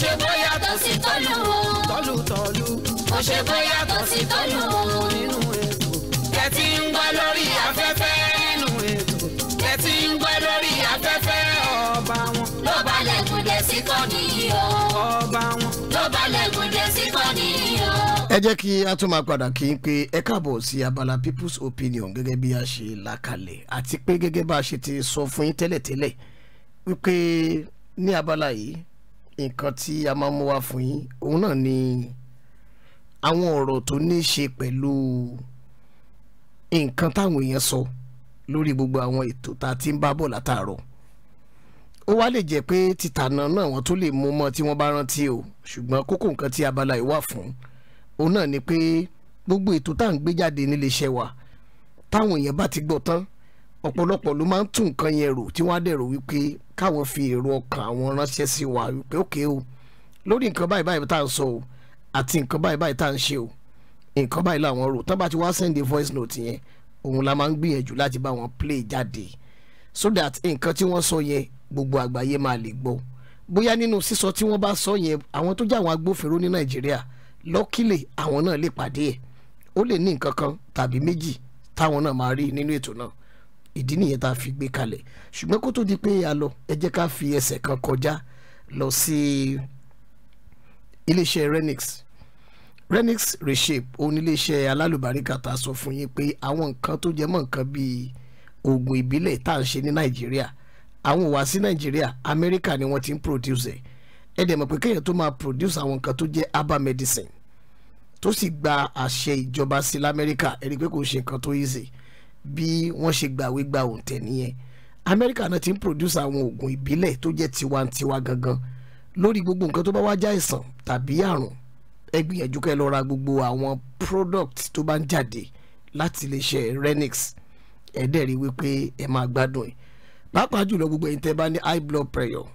ṣe bóyá tó sí tọ́lù o. tọ́lù tọ́lù. kò ṣe bóyá tó sí tọ́lù o. nínú ètò. ẹ ti ń gbọ́ lórí afẹ́fẹ́. nínú ètò. ẹ ti ń gbọ́ lórí afẹ́fẹ́ ọba wọn. ló balẹ̀ gúnjẹ sí kọ́ni o. ọba wọn. ló balẹ̀ gúnjẹ sí kọ́ni o. ẹ jẹ́ kí a tún máa padà kí n pe ẹ káàbọ̀ sí abala people's opinion gẹ́gẹ́ bí a ṣe làkàlẹ̀ àti pé gẹ́gẹ́ bá a ṣe ti sọ fún yín tẹ́lẹ̀tẹ́lẹ̀ wípé ní abala yìí nǹkan tí a máa mú wá fún yín òun náà ni àwọn ọ̀rọ̀ tó ní í ṣe pẹ̀lú nǹkan táwọn èèyàn sọ lórí gbogbo àwọn ètò tá a ti ń bá bọ̀ látàárọ̀ ó wá lè jẹ́ pé tìtànà náà wọ́n tó lè mú mọ́ tí wọ́n bá rántí o ṣùgbọ́n kókó nǹkan tí abala yìí wà fún òun náà ni pé gbogbo ètò tá à ń gbé jáde níléeṣẹ́ wa táwọn èèyàn bá ti gbọ́ tán ọ̀pọ̀lọpọ̀ ló máa ń tún nǹkan yẹn rò tí wọ́n á dẹ̀rọ wípé káwọn fi èrò ọkàn àwọn ránṣẹ́ sí wa wípé òkè o lórí nǹkan báyìí báyìí tá à ń sọ o àti nǹkan báyìí báyìí tá à ń ṣe o nǹkan báyìí làwọn rò tán bá ti wá send voice note yẹn òun la máa ń gbìyànjú láti bá wọn play jáde so that nǹkan tí wọ́n sọ yẹn gbogbo àgbáyé máa lè gbọ́ bóyá nínú sísọ tí wọ́n bá sọ yẹn àwọn tó jẹ́ àwọn agbófinró ní Nàìjíríà lọ́kìlẹ̀ àwọn náà lè pàdé ẹ̀ ó lè ní nǹkan kan tàbí méjì táwọn náà máa rí nínú ètò náà ìdí nìyẹn tá a fi gbé kalẹ̀ ṣùgbọ́n kó tó di pé a lọ ẹ jẹ́ ká fi ẹsẹ̀ kan kọjá lọ sí iléeṣẹ́ Renix Renix Reshape òun iléeṣẹ́ alálùbáríkà tá a sọ fún yín pé àwọn nǹkan tó jẹ mọ́ nǹkan bíi oògùn ìbílẹ̀ tá à ń ṣe ní Nàìjíríà àwọn ò sí Nàìjíríà Amẹ́ríkà ni wọ́n ti ń produce ẹ̀ ẹ dẹ̀ mọ̀ pé kéèyàn tó máa produce àwọn nǹkan tó jẹ́ herbal medicine tó sì gba àṣẹ ìjọba sí lamẹ́ríkà ẹ̀rí pé kò ṣe nǹkan tó easy bí wọ́n ṣe gbàwé gba òǹtẹ̀ nìyẹn amẹ́ríkà náà ti ń produce àwọn oògùn ìbílẹ̀ tó jẹ́ tiwantiwa gangan lórí gbogbo nǹkan tó bá wá já ìsàn tàbí àrùn ẹ gbìyànjú kẹ́ lọ ra gbogbo àwọn product tó bá ń jáde láti iléeṣẹ́ Renix ẹ dẹ̀ rí wípé ẹ máa gbádùn ẹ̀ pàápàá jùlọ gbogbo ẹ̀yin tẹ́ bá ní high blood pressure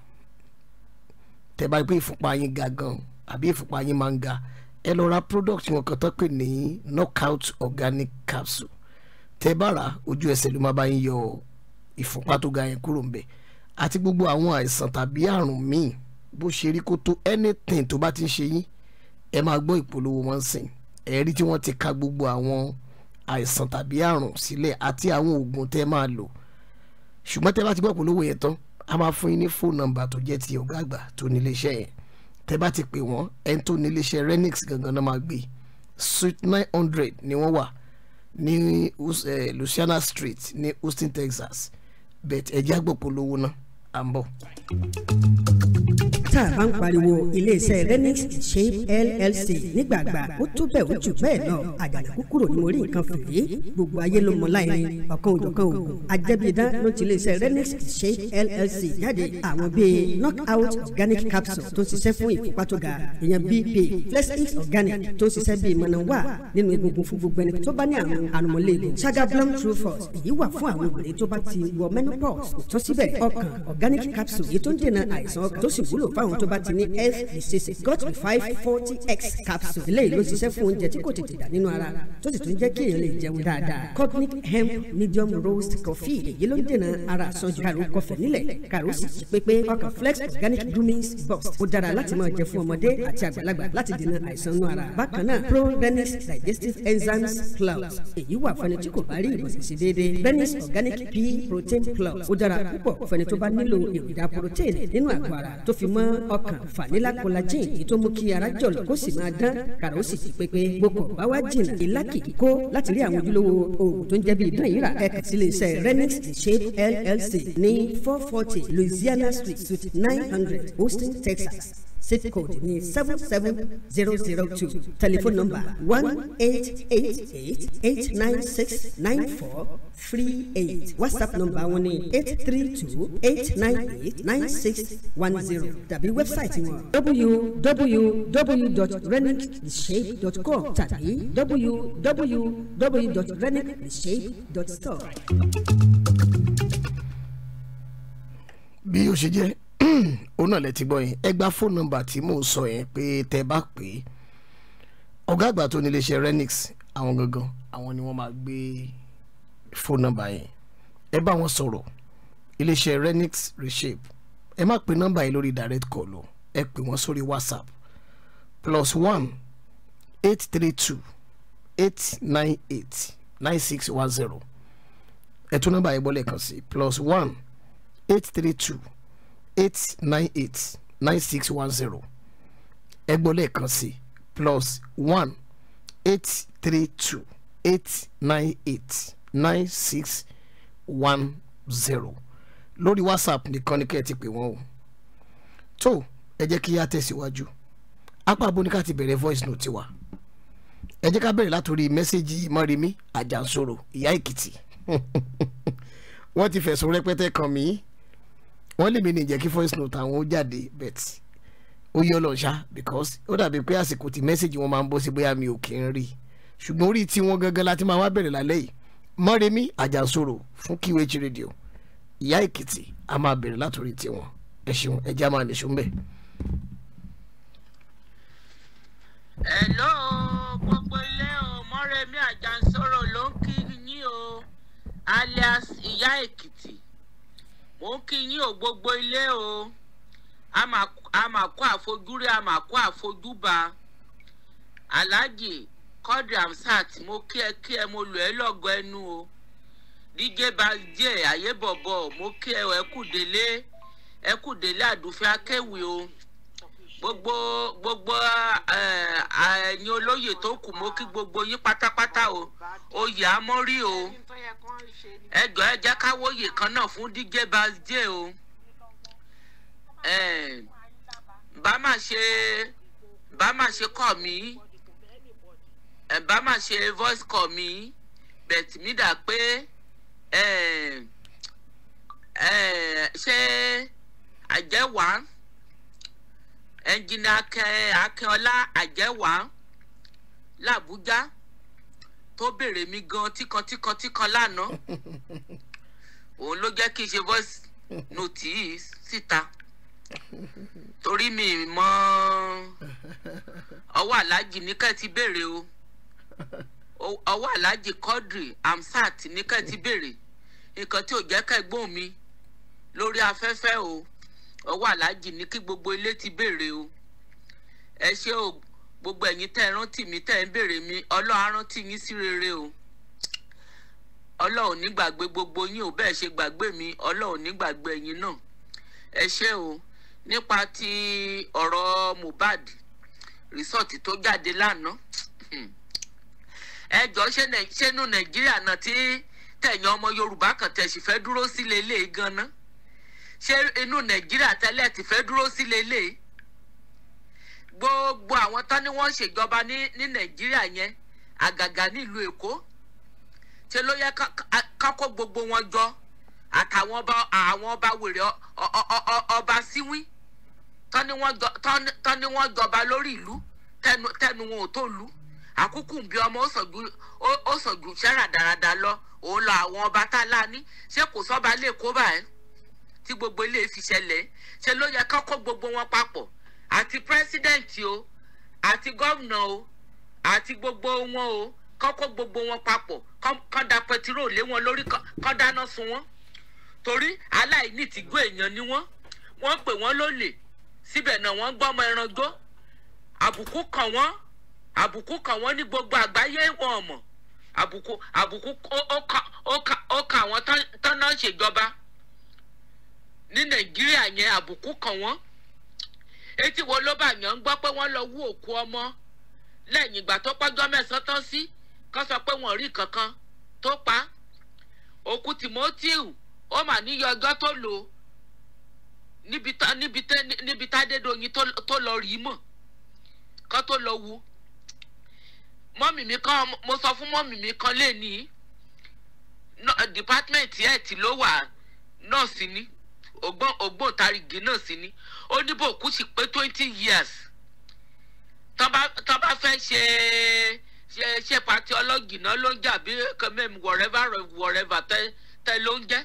tẹ́ bá pé ìfúnpá yín ga gan àbí ìfúnpá yín máa ń ga ẹ lọ product wọn kan tó pè ní knockout organic capsule tẹ́ bá rà ojú ẹsẹ̀ ló máa bá yín yọ ìfúnpá tó ga yẹn kúrò ń bẹ̀ àti gbogbo àwọn àìsàn tàbí àrùn míì bó ṣe rí kó tó anything tó bá ti ń ṣe yín ẹ máa gbọ́ ìpolówó wọn sìn ẹ̀rí tí wọ́n ti ka gbogbo àwọn àìsàn tàbí àrùn sílẹ̀ àti àwọn oògùn tẹ́ máa lò ṣùgbọ́n tẹ́ bá ti gbọ́ ìpolówó yẹn tán a máa fún yín ní fóònù nọ́mbà tó jẹ́ ti ọ̀gá àgbà tó ní yẹn tẹ́ bá ti pè wọ́n ẹni tó ní Renix gangan náà máa gbé suit nine hundred ni wọ́n wà ní uh, Louisiana Street ní Houston Texas bẹ̀ẹ̀ ẹ̀jẹ̀ àgbòpolówó náà à ń bọ̀ tá a bá ń pariwo iléeṣẹ́ Renix Shape LLC nígbàgbà ó tó bẹ́ẹ̀ ó jù bẹ́ẹ̀ lọ àjànàkú kúrò ní orí nǹkan fèrè gbogbo ayé ló mọ láì rìn ọ̀kan òjọ̀kan òògùn ajẹ́bíidán ló ti iléeṣẹ́ Renix Shape LLC jáde àwọn bíi knockout organic capsule tó ń ṣiṣẹ́ fún ìfúnpá tó ga èèyàn bp flexix organic tó ń ṣiṣẹ́ bíi mọ̀nàwá nínú egungun fún gbogbo ẹni tó bá ní àrùn àrùnmọ́lẹ́gùn Shagablum True Force èyí wà fún àwọn obìnrin tó bá ti wọ menopause tó síbẹ̀ ọkàn organic capsule èyí tó ń dènà àìsàn ọkàn tó sì wúlò fá fáwọn tó bá ti ní health got me five forty x capsule eléyìí ló ń ṣiṣẹ́ fún oúnjẹ tí kò tètè dà nínú ara tó sì tún jẹ́ kí èèyàn lè jẹun dáadáa cognic hemp medium roast coffee èyí ló ń dènà ara àsanjù kàrò kọfẹ nílẹ̀ kàrò sì jí pépé ọkàn flex organic dumins box ó dára láti máa jẹ fún ọmọdé àti àgbàlagbà láti dènà àìsàn inú ara bákan náà probenix digestive enzymes clouds èyí wà fún ẹni tí kò bá rí ìbọ̀sẹ̀ sí déédéé benix organic pea protein cloud ó dára púpọ̀ fún ẹni tó bá nílò èròjà protein nínú àgọ́ ara tó fi mọ́ ọkàn fanila collagen èyí tó mú kí ara jọ̀lọ̀ kó sì máa dán kàrà ó sì jí pépé gbogbo bá wá jìnnà ìlà kó láti rí àwọn ojúlówó oògùn tó ń jẹ́ bí ìdán yìí rà ẹ̀ka sílé iṣẹ́ renix shape llc ní four forty louisiana street suite nine hundred houston texas Zip code ni seven seven zero zero two. Telephone number one eight eight eight eight nine six nine four three eight. WhatsApp number wọn ni eight three two eight nine eight nine six one zero. Tàbí wẹ́bsáìtì wọn www.renictheshape.com tàbí www.renictheshape.store. Bí o ṣe jẹ́. òun náà lẹ ti gbọ́ yẹn ẹ gba fóònù nọ́mbà tí mò ń sọ yẹn pé tẹ bá pè é ọ̀gá àgbà tó ní iléeṣẹ́ Renix àwọn gangan àwọn ni wọ́n máa gbé fóònù nọ́mbà yẹn ẹ bá wọn sọ̀rọ̀ iléeṣẹ́ Renix reshape ẹ má pe nọ́mbà yẹn lórí direct call o ẹ pè wọ́n sórí WhatsApp plus one eight three two eight nine eight nine six one zero ẹ tún nọ́mbà yẹn gbọ́ lẹ́ẹ̀kan sí plus one eight three two eight nine eight nine six one zero ẹgbọ́n lẹ́ẹ̀kan sí plus one eight three two eight nine eight nine six one zero lórí whatsapp nìkan ni kẹ́ ẹ ti pè wọ́n o tó ẹ jẹ́ kí a tẹ̀síwájú apá aboníkà ti bẹ̀rẹ̀ voice note wa ẹ jẹ́ ká bẹ̀rẹ̀ látòrí mẹ́sẹ́gì mọ́rẹ́mí àjànsòrò ìyá èkìtì wọ́n ti fẹ̀sùn rẹpẹtẹ kàn mí wọ́n lè mi ní jẹ́ kí voice note àwọn jáde bet ó yọ lọ ṣá because ó dàbí pé àsìkò tí message wọn máa ń bọ́ sí bóyá mi ò kí ń rí ṣùgbọ́n orí tí wọ́n gangan láti máa wá bẹ̀rẹ̀ lálẹ́ yìí mọ́rẹ́mí àjàsòrò fún QH radio ìyá èkìtì a máa bẹ̀rẹ̀ látòrí tiwọn ẹ ṣeun ẹja máa nìṣó ń bẹ̀. hello gbogbo ilé o mọ́rẹ́mí àjàsòrò ló ń kí yín o alias ìyá èkìtì mo ń kí yín o ilé o a máa kó àfojúrí a máa kó àfojúbà alhaji Quadri mo kí ẹ kí ẹ mo lò ẹ lọ́gọ ẹnu o dj balje ayébọ̀bọ̀ mo kí ẹ ẹ kú délé ẹ délé àdúfẹ́ o. gbogbo gbogbo ẹ̀yin olóyè tó kù mo kí gbogbo yín pátápátá o oyè amórí o ẹjọ ẹ jẹ́ káwóyè kan náà fún DJ Bassdee o bá má ṣe bá má ṣe call mi bá má ṣe voice call mi bẹ̀tì mi dà pé ṣé àjẹ́ wàá ẹnjìnì akẹ akẹọlá àjẹwà làbújá tó béèrè mi gan tíkantíkantíkan lánàá òun ló jẹ́ kí n ṣe voice note yìí síta torí mi mọ ọwọ́ aláàjì níkẹ́ ti béèrè o ọwọ́ aláàjì Quadri Hamzat níkẹ́ ti béèrè nǹkan tí ò jẹ́ kẹ́gbọ́n mi lórí afẹ́fẹ́ o ọwọ́ aláàjì ní kí gbogbo ilé ti béèrè o ẹ ṣé o gbogbo ẹ̀yin tẹ́ ẹ rántí mi tẹ́ ẹ ń béèrè mi ọlọ́run á rántí yín sí rere o ọlọ́run ní gbàgbé gbogbo yín ò bẹ́ẹ̀ ṣe gbàgbé mi ọlọ́run ní gbàgbé ẹ̀yin náà ẹ ṣé o nípa ti ọ̀rọ̀ Mohbad rìsọ́ọ̀tì tó jáde lánàá hmm. ẹ jọ ṣé nu Nàìjíríà náà tí tẹ̀yìn ọmọ Yorùbá kan tẹ̀sí fẹ́ dúró sílé ilé ganan ṣé inú nàìjíríà tẹ́lẹ̀ ti fẹ́ dúró sí lélẹ̀ gbogbo àwọn tán ni wọ́n ṣèjọba ní nàìjíríà yẹn àgàgà nílùú èkó ṣe ló yẹ kákó gbogbo wọn jọ àtàwọn ọba àwọn ọba wèrè ọba síwín tán ni wọ́n jọba lórí ìlú tẹnu wọn ò tó lu àkúkù bí ọmọ ó sọ̀gùn ṣẹ́rà dáradára lọ òun lọ àwọn ọba tá a lá ní ṣé kò sọ́ba lè kó báyìí tí gbogbo ilé fi ṣẹlẹ̀ ṣe ló yẹ ká kó gbogbo wọn papọ̀ àti pírẹ́sídẹ̀ǹtì o àti gómìnà o àti gbogbo wọn o kán kó gbogbo wọn papọ̀ kán da pẹtiró lé wọn lórí kán dáná sun wọn torí aláìní ti gbó èèyàn ni wọ́n wọ́n pè wọ́n lólè síbẹ̀ náà wọ́n gbọ́ ọmọ ẹran gbó àbùkù kàn wọ́n àbùkù kàn wọ́n ní gbogbo àgbáyé wọn mọ̀ àbùkù àbùkù ó kà wọ́n tán náà ṣèjọba ní nàìjíríà yẹn àbùkù kan wọ́n etí wo ló bá yàn ń gbọ́ pé wọ́n lọ wú òkú ọmọ lẹ́yìn ìgbà tó pọ́jọ́ mẹ́sàn-án tán sí kán sọ pé wọ́n rí kankan tó pa òkú tìmọ́tíù ó mà níyọ ọjọ́ tó lò níbi tádédọ́yìn tó lọ rí mọ̀ kán tó lọ wú mọ́mì mi kan mo sọ fún mọ́mì mi kan lé ní department ẹ̀ tí ló wà nọ́ọ̀sì ni. No, ògbóǹtarìgì náà sí ni ó ní bòkú sì pé twenty years tọ́ bá fẹ́ ṣe ṣe ṣe pati ọlọ́gìnà ló ń jà bí kẹ́mẹ́mù wọ̀rẹ́fà wọ̀rẹ́fà tẹ́ ló ń jẹ́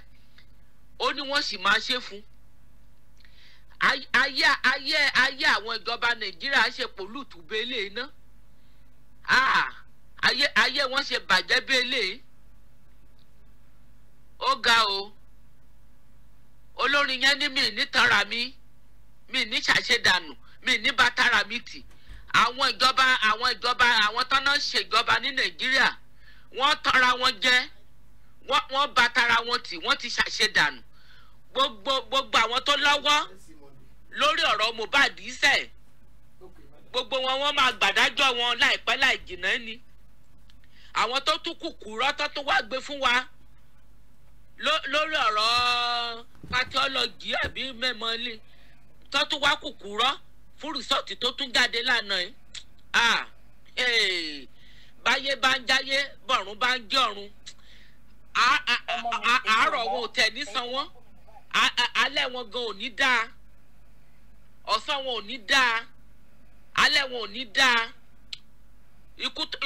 ó ní wọ́n sì máa ṣe fún ayé ayé ayé àwọn ìjọba nàìjíríà ṣe pòlùtù bẹ́lẹ̀ iná ayé ayé wọ́n ṣe bàjẹ́ bẹ́lẹ̀ ó ga o. Ah, olórin yẹn ní mi nítara mi mi ní ṣàṣedànù mi ní bàtàrà mi tì àwọn ìjọba àwọn ìjọba àwọn tọ́nà ṣèjọba ní nàìjíríà wọ́n tọ́ra wọn jẹ́ wọ́n bàtàrà wọn tì wọ́n ti ṣàṣedànù gbogbo gbogbo àwọn tó lọ́wọ́ lórí ọ̀rọ̀ mohbad iṣẹ́ gbogbo wọn wọ́n máa gbàdájọ́ wọn láìpẹ́ láì jìnnà ni àwọn tó tún kùkù rọ́tọ́ tó wá gbé fún wa. Okay, lórí ọ̀rọ̀ pathology àbí mẹ́mọ́lé tó tún wá kúkúrọ́ fún rìsọ́ọ̀tì tó tún jáde lánàá yìí báyé bá ń jáyé bọ̀rún bá ń jẹ́ ọ̀run àárọ̀ wọn ò tẹ̀ ní san wọ́n alẹ́ wọn gan ò ní dáa ọ̀sán wọn ò ní dáa alẹ́ wọn ò ní dáa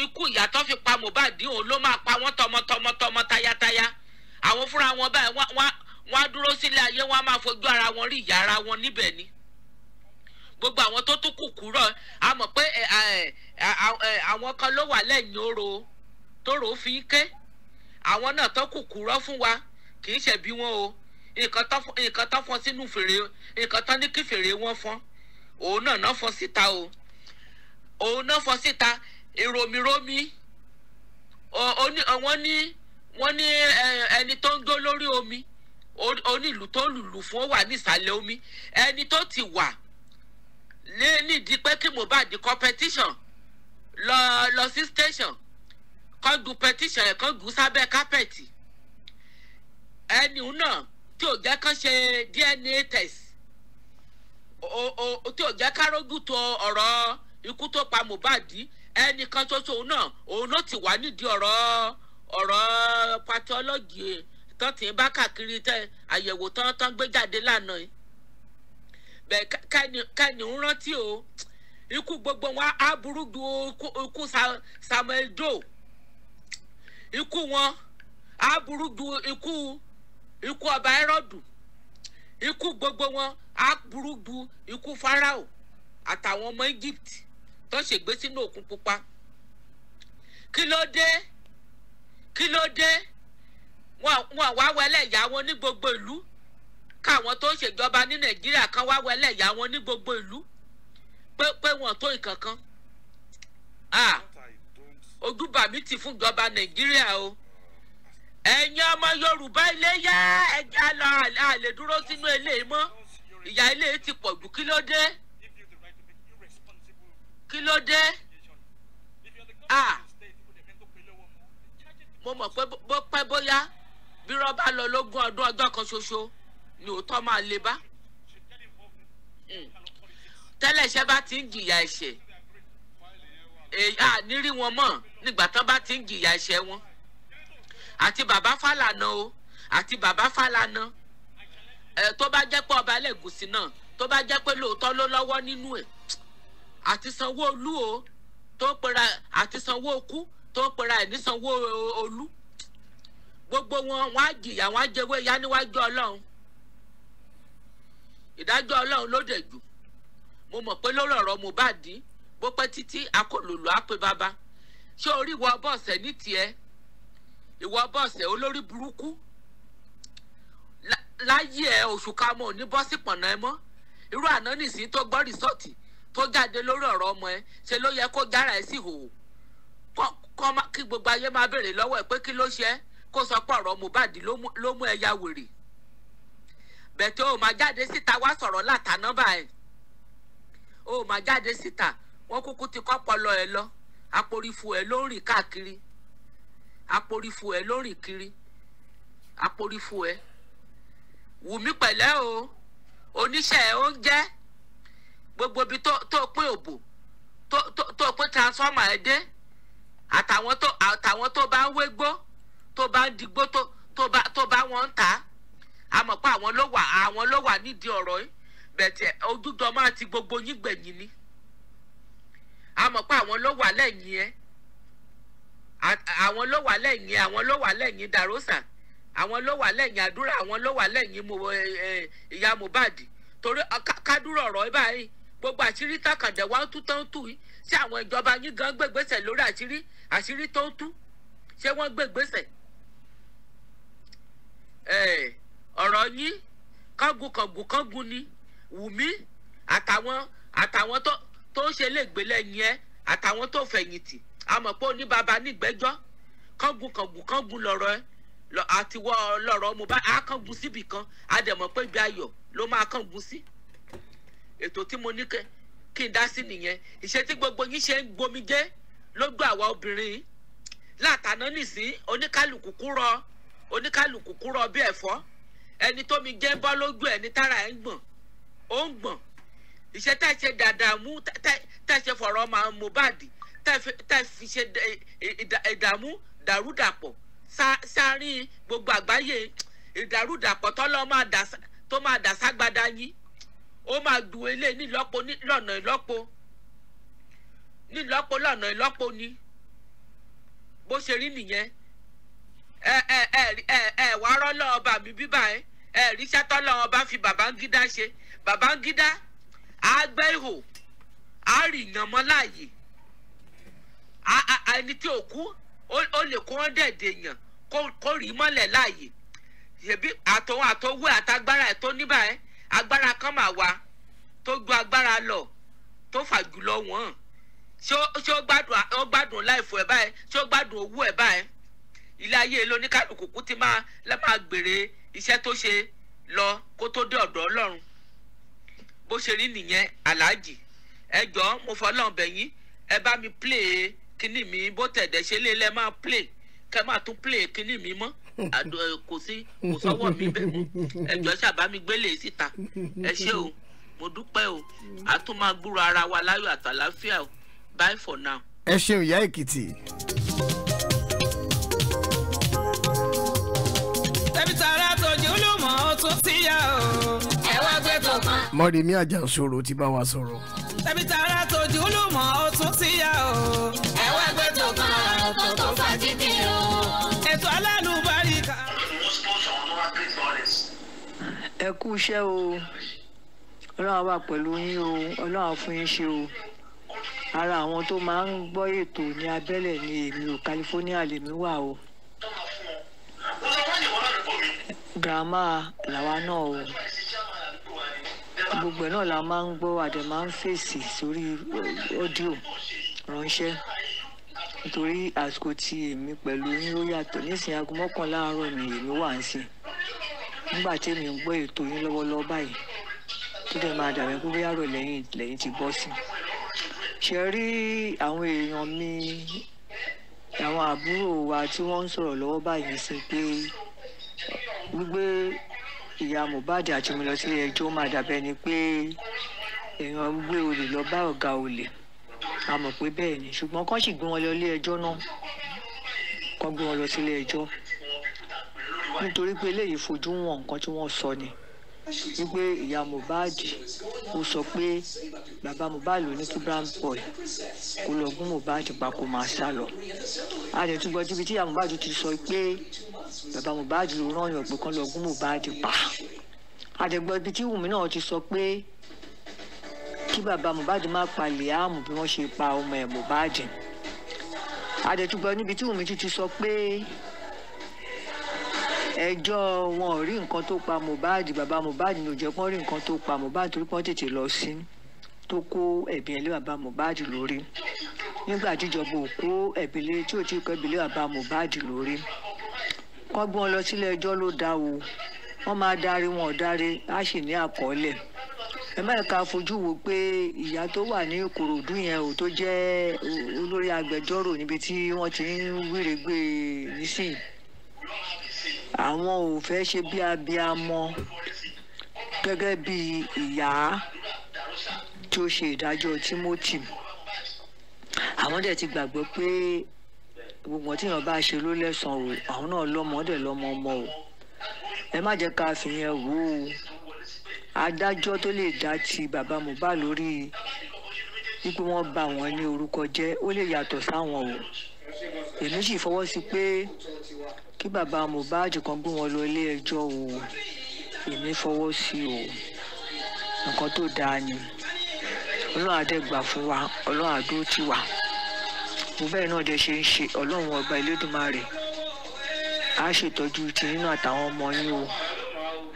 ikú ìyá tó fi pa Mohbad òun ló máa pa wọ́n tọmọtọmọtọmọ fúnra wọn báyìí wọ́n á dúró sílé ayé wọ́n á máa fojú ara wọn rí ìyá ara wọn níbẹ̀ ni gbogbo àwọn tó tún kù kúrọ̀ a mọ̀ pé àwọn kan ló wà lẹ́yìn oró tóró fi ké àwọn náà tó kù kúrọ̀ fún wa kì í ṣe bí wọn o nǹkan tó fọn sínú fèrè nǹkan tó ní kí fèrè wọn fọn òun náà náà fọn síta o òun náà fọn síta ìròmìròmì wọ́n ní wọ́n ní ẹni tó ń dó lórí omi onílù tó lùlù fún ó wà nísàlẹ̀ omi ẹni tó ti wà nídìí pé kí Mohbad kọ petition lọ lọ sí station kan du petition ẹ̀ kan gùn sábẹ́ kápẹ́ẹ̀tì ẹni náà tí ò jẹ́ kán ṣe DNA test tí ò jẹ́ kárógù tó ọ̀rọ̀ ikú tó pa Mohbad ẹnì kan ṣoṣo náà òun ló ti wà nídìí ọ̀rọ̀ ọ̀rọ̀ patiọ́lọ́gì tán ti bá káàkiri tẹ àyẹ̀wò tán tán gbé jáde lánàá yìí bẹ́ẹ̀ kẹ́ni ń rántí o ikú gbogbo wọn á burú ju ikú Samuel Doe ikú wọn á burú ju ikú ikú ọba ẹrọdù ikú gbogbo wọn á burú ju ikú Farao àtàwọn ọmọ Egypt tó ṣègbè sínú òkun pupa kí ló dé kí ló dé wọn wá wẹlẹ ìyá wọn ní gbogbo ìlú káwọn tó ń ṣèjọba ní nàìjíríà kan wá wẹlẹ ìyá wọn ní gbogbo ìlú pé pé wọn tó nǹkan kan ojúbà mi ti fún ìjọba nàìjíríà o ẹ̀yin ọmọ yorùbá ilé yá ẹja lọ àlè dúró sínú ilé mọ́ ìyá ilé ti pọ̀ jù kí ló dé kí ló dé ah mo mọ̀ pé bó pẹ́ bóyá bí rọ́bà lọ lógún ọdún ọjọ́ kan ṣoṣo ni òótọ́ máa le bá hmm. tẹ́lẹ̀ iṣẹ́ bá ti ń jìyà ẹ̀ṣẹ̀ èyà nírí wọn mọ̀ nígbà tán bá ti ń jìyà ẹ̀ṣẹ̀ wọn àti bàbá Fálànà o àti bàbá Fálànà ẹ tó bá jẹ́ pé ọba Ẹlẹ́gùṣì náà tó bá jẹ́ pé lóòótọ́ ló lọ́wọ́ nínú ẹ̀ àti Sanwó-Olú o tó pera àti Sanwó-Okú tó ń pera ẹ̀ ní Sanwó-Olú gbogbo wọn wọn á jìyà wọn á jẹwé ya níwájú Ọlọ́run ìdájọ́ Ọlọ́run ló dẹ̀ jù mo mọ̀ pé lórí ọ̀rọ̀ Mohbad bó pẹ́ títí akólòlò á pé bàbá ṣé orí ìwọ bọ́ọ̀sẹ̀ ní tiẹ̀ ìwọ bọ́ọ̀sẹ̀ olórí burúkú láyé ẹ oṣù kamọ ní bọ́sì pọ̀nà ẹ mọ́ irú àná nìsín tó gbọ́ rìsọ́ọ̀tì tó jáde lórí ọ̀rọ̀ ọmọ ẹ ṣe ló yẹ kó jára ẹ sí ìhòòhò kí gbogbo ayé máa béèrè lọ́wọ́ ẹ̀ pé kí ló ṣe é kó sọ pé ọ̀rọ̀ Mohbad ló mú ẹ̀yà wèrè bẹ̀tẹ̀ ó máa jáde síta wá sọ̀rọ̀ láta nọ́mbà ẹ̀ ó máa jáde síta wọ́n kúkú ti kọ́pọlọ ẹ̀ lọ aporífu ẹ̀ ló ń rìn káàkiri aporífu ẹ̀ ló ń rìn kiri aporífu ẹ̀ Wùmí pẹ̀lẹ́ o oníṣẹ́ ẹ̀ ó ń jẹ́ gbogbo ibi tó pín òbò tó pín transformer ẹ̀ dé àtàwọn tó àtàwọn tó bá ń wégbó tó bá ń digbó tó tó bá tó bá wọn ń tà á a mọ̀ pé àwọn ló wà àwọn ló wà nídìí ọ̀rọ̀ yìí bẹ̀tẹ̀ ojúdọ̀ máa ti gbogbo yín gbẹ̀yìn ni a mọ̀ pé àwọn ló wà lẹ́yìn ẹ àwọn ló wà lẹ́yìn àwọn ló wà lẹ́yìn darosa àwọn ló wà lẹ́yìn àdúrà àwọn ló wà lẹ́yìn ìyá Mohbad torí kádúrò ọ̀rọ̀ yìí báyìí gbogbo àṣírí takàndẹ̀ wá tú tán tú yìí tí àwọn ìjọba yín gan gbègbèsè lórí àṣírí àṣírí tó tú ṣé wọ́n gbé gbèsè ọ̀rọ̀ yín kọ́gùnkọ̀gùn kọ́gùn ni wùmí àtàwọn àtàwọn tó ṣe léègbé lẹ́yìn ẹ àtàwọn tó fẹ̀yìntì àmọ́ pé ó ní baba nígbẹ́jọ́ kọ́gùnkọ̀gùn kọ́gùn lọ́rọ̀ ẹ àtiwọ́ lọ́rọ̀ Mohbad akọ́gùn síbì kan àdẹ̀mọ́ pé ibi ayọ̀ ló máa kọ́gùn sí ètò tí mo ní kí n dá sí nìyẹn ìṣe tí gbogbo yín ṣe ń gbomi jẹ́ lójú àwa obìnrin látàná nìsín oníkálukú kúrọ oníkálukú kúrọ bí ẹ̀fọ́ ẹni tómi jẹ́ bọ́ lójú ẹni tára ẹ̀ ń gbọ̀n ó ń gbọ̀n iṣẹ́ tá a ṣe dàdàmú tá a ṣe fọ̀rọ̀ ọmọ Mohbad tá a fi ṣe ìdààmú dàrúdàpọ̀ sáárín gbogbo àgbáyé ìdàrúdàpọ̀ tó máa dà ságbada yín ó máa dùn eléyìí lọ́pọ̀ lọ́nà ìlọ́pọ̀ nílọ́po lọ́nà ìlọ́po ni bó ṣe rí nìyẹn ẹ ẹ ẹ ẹ ẹ wà á rọ́lọ́ ọba mi bíbá ẹ ẹ ríṣẹ́ tọ́lọ́ ọba fi Babangida ṣe Babangida á gbẹ́ ihò á rì yàn mọ́ láàyè ẹni tí ò kú ó lè kó wọ́n dẹ̀dẹ̀ yàn kó rì í mọ́lẹ̀ láàyè ṣèbí àtọwọ́ àtọwọ́ àtagbára ẹ̀ tó níbà ẹ̀ agbára kan mà wá tó ju agbára lọ tó fà jùlọ wọ́n ṣé ó gbádùn ó gbádùn láìfọ ẹ báyìí ṣé ó gbádùn owó ẹ báyìí ilé ayé lóníkàlùkùkù ti máa lẹ́ máa gbèrè iṣẹ́ tó ṣe lọ kó tó dé ọ̀dọ̀ ọlọ́run bó ṣe rí nìyẹn aláàjì ẹ jọ mo fọlọ́n bẹ̀yìn ẹ bá mi play kíní mi bó tẹ̀dẹ̀ ṣe lé lẹ́ máa play kẹ́ máa tún play kíní mi mọ́ kò sí kò sọ́wọ́ mi bẹ́ẹ̀ mọ́ ẹ jọ ṣàbá mi gbélé e síta ẹ ṣé o mo dúpẹ́ o a tún máa gbúrò ara wa láyọ̀ àtàláfíà o bye for now. ẹ ṣeun ìyá èkìtì. tẹbi tara tòjú lùmọ̀ ó tún ti o. ẹ wá gbé tó kan. mọ́rìmí àjànsoro ti bá wa sọ̀rọ̀. tẹbi tara tòjú lùmọ̀ ó tún ti o. ẹ wá gbé tó kan ọ̀tọ̀ tó fà o. ètò alálùbáríkà. ẹ kú iṣẹ́ o ọlọ́run wà pẹ̀lú yín o ọlọ́run fún yín ṣe o ara àwọn tó máa ń gbọ́ ètò ní abẹ́lẹ̀ ni èmi ò California lèmi wà o. girama làwa náà o gbogbo náà la máa ń gbọ́ àdè máa ń fèsì sórí ọ́díò ránṣẹ́ nítorí àsìkò tí èmi pẹ̀lú yín ó yàtọ̀ nísìnyí aago mọ́kànlá àárọ̀ ni èmi wà ń sìn nígbà tí èmi ń gbọ́ ètò yín lọ́wọ́lọ́wọ́ báyìí tó dẹ̀ máa dàbẹ́ pé bóyá rò lẹ́yìn lẹ́yìn ti bọ́ sí i ṣe rí àwọn èèyàn mi àwọn àbúrò wa tí wọ́n ń sọ̀rọ̀ lọ́wọ́ báyìí sí pé gbígbé ìyá Mohbad àti mi lọ sí ẹjọ́ máa dàbẹ́ ni pé èèyàn ń gbé olè lọ bá ọ̀gá olè a mọ̀ pé bẹ́ẹ̀ ni ṣùgbọ́n kán sì gbé wọn lọ ilé ẹjọ́ náà kán gbé wọn lọ sílé ẹjọ́ nítorí pé eléyìí fojú wọn nǹkan tí wọ́n sọ ni wípé ìyá Mohbad ó sọ pé bàbá Mohbad ló ní kí brown boy kó lọ gún Mohbad pa máa sá lọ a lè tún gbọ́ débi tí ìyá Mohbad ti sọ pé bàbá Mohbad ló rán yàn pé kán lọ gún Mohbad pa a lè gbọ́ débi tí Wùmí náà ti sọ pé kí bàbá Mohbad má pa Liam bí wọ́n ṣe pa ọmọ ẹ̀ Mohbad a lè tún gbọ́ níbi tí Wùmí ti ti sọ pé ẹjọ́ wọn ò rí nǹkan tó pa Mohbad bàbá Mohbad ní òjẹ́ pọ́n rí nǹkan tó pa Mohbad torí pọ́n tètè lọ sí tó kó ẹ̀bí ẹ̀ lé bàbá Mohbad lórí nígbà tíjọba ò kó ẹ̀bí lé tí ò tí kó ẹ̀bí lé bàbá Mohbad lórí kọ́gbọ́n lọ sílé ẹjọ́ ló dá o wọ́n máa darí wọn ò darí á sì ní àkọọ́lẹ̀ ẹ má ká fojú wo pé ìyá tó wà ní Ìkòròdú yẹn ò tó jẹ́ olórí agbẹjọ́rò níbi tí wọ́n ti ń wíregbè nísìnyí àwọn ò fẹ́ ṣe bí abiamọ gẹ́gẹ́ bí ìyá tí ó ṣe ìdájọ́ Timothy àwọn dẹ̀ ti gbàgbọ́ pé gbogbo tíyan bá ṣe ló lẹ́sàn-án o àwọn náà lọ́mọ dẹ̀ lọ́mọ ọmọ o ẹ má jẹ́ ká fìyẹn wò ó adájọ́ tó lè dá ti bàbá Mohbad lórí wípé wọ́n bà wọ́n ní orúkọ jẹ́ ó lè yàtọ̀ sáwọn o èmi sì fọwọ́ sí pé kí bàbá Mohbad kan gbé wọn lọ ilé ẹjọ́ o èmi fọwọ́ sí o nǹkan tó dáa ni ọlọ́run àdẹ́gbà fún wa ọlọ́run àdó tì wá mo bẹ́ẹ̀ náà dẹ ṣe ń ṣe ọlọ́run ọba Elédùmarè á ṣètọ́jú ti nínú àtàwọn ọmọ yín o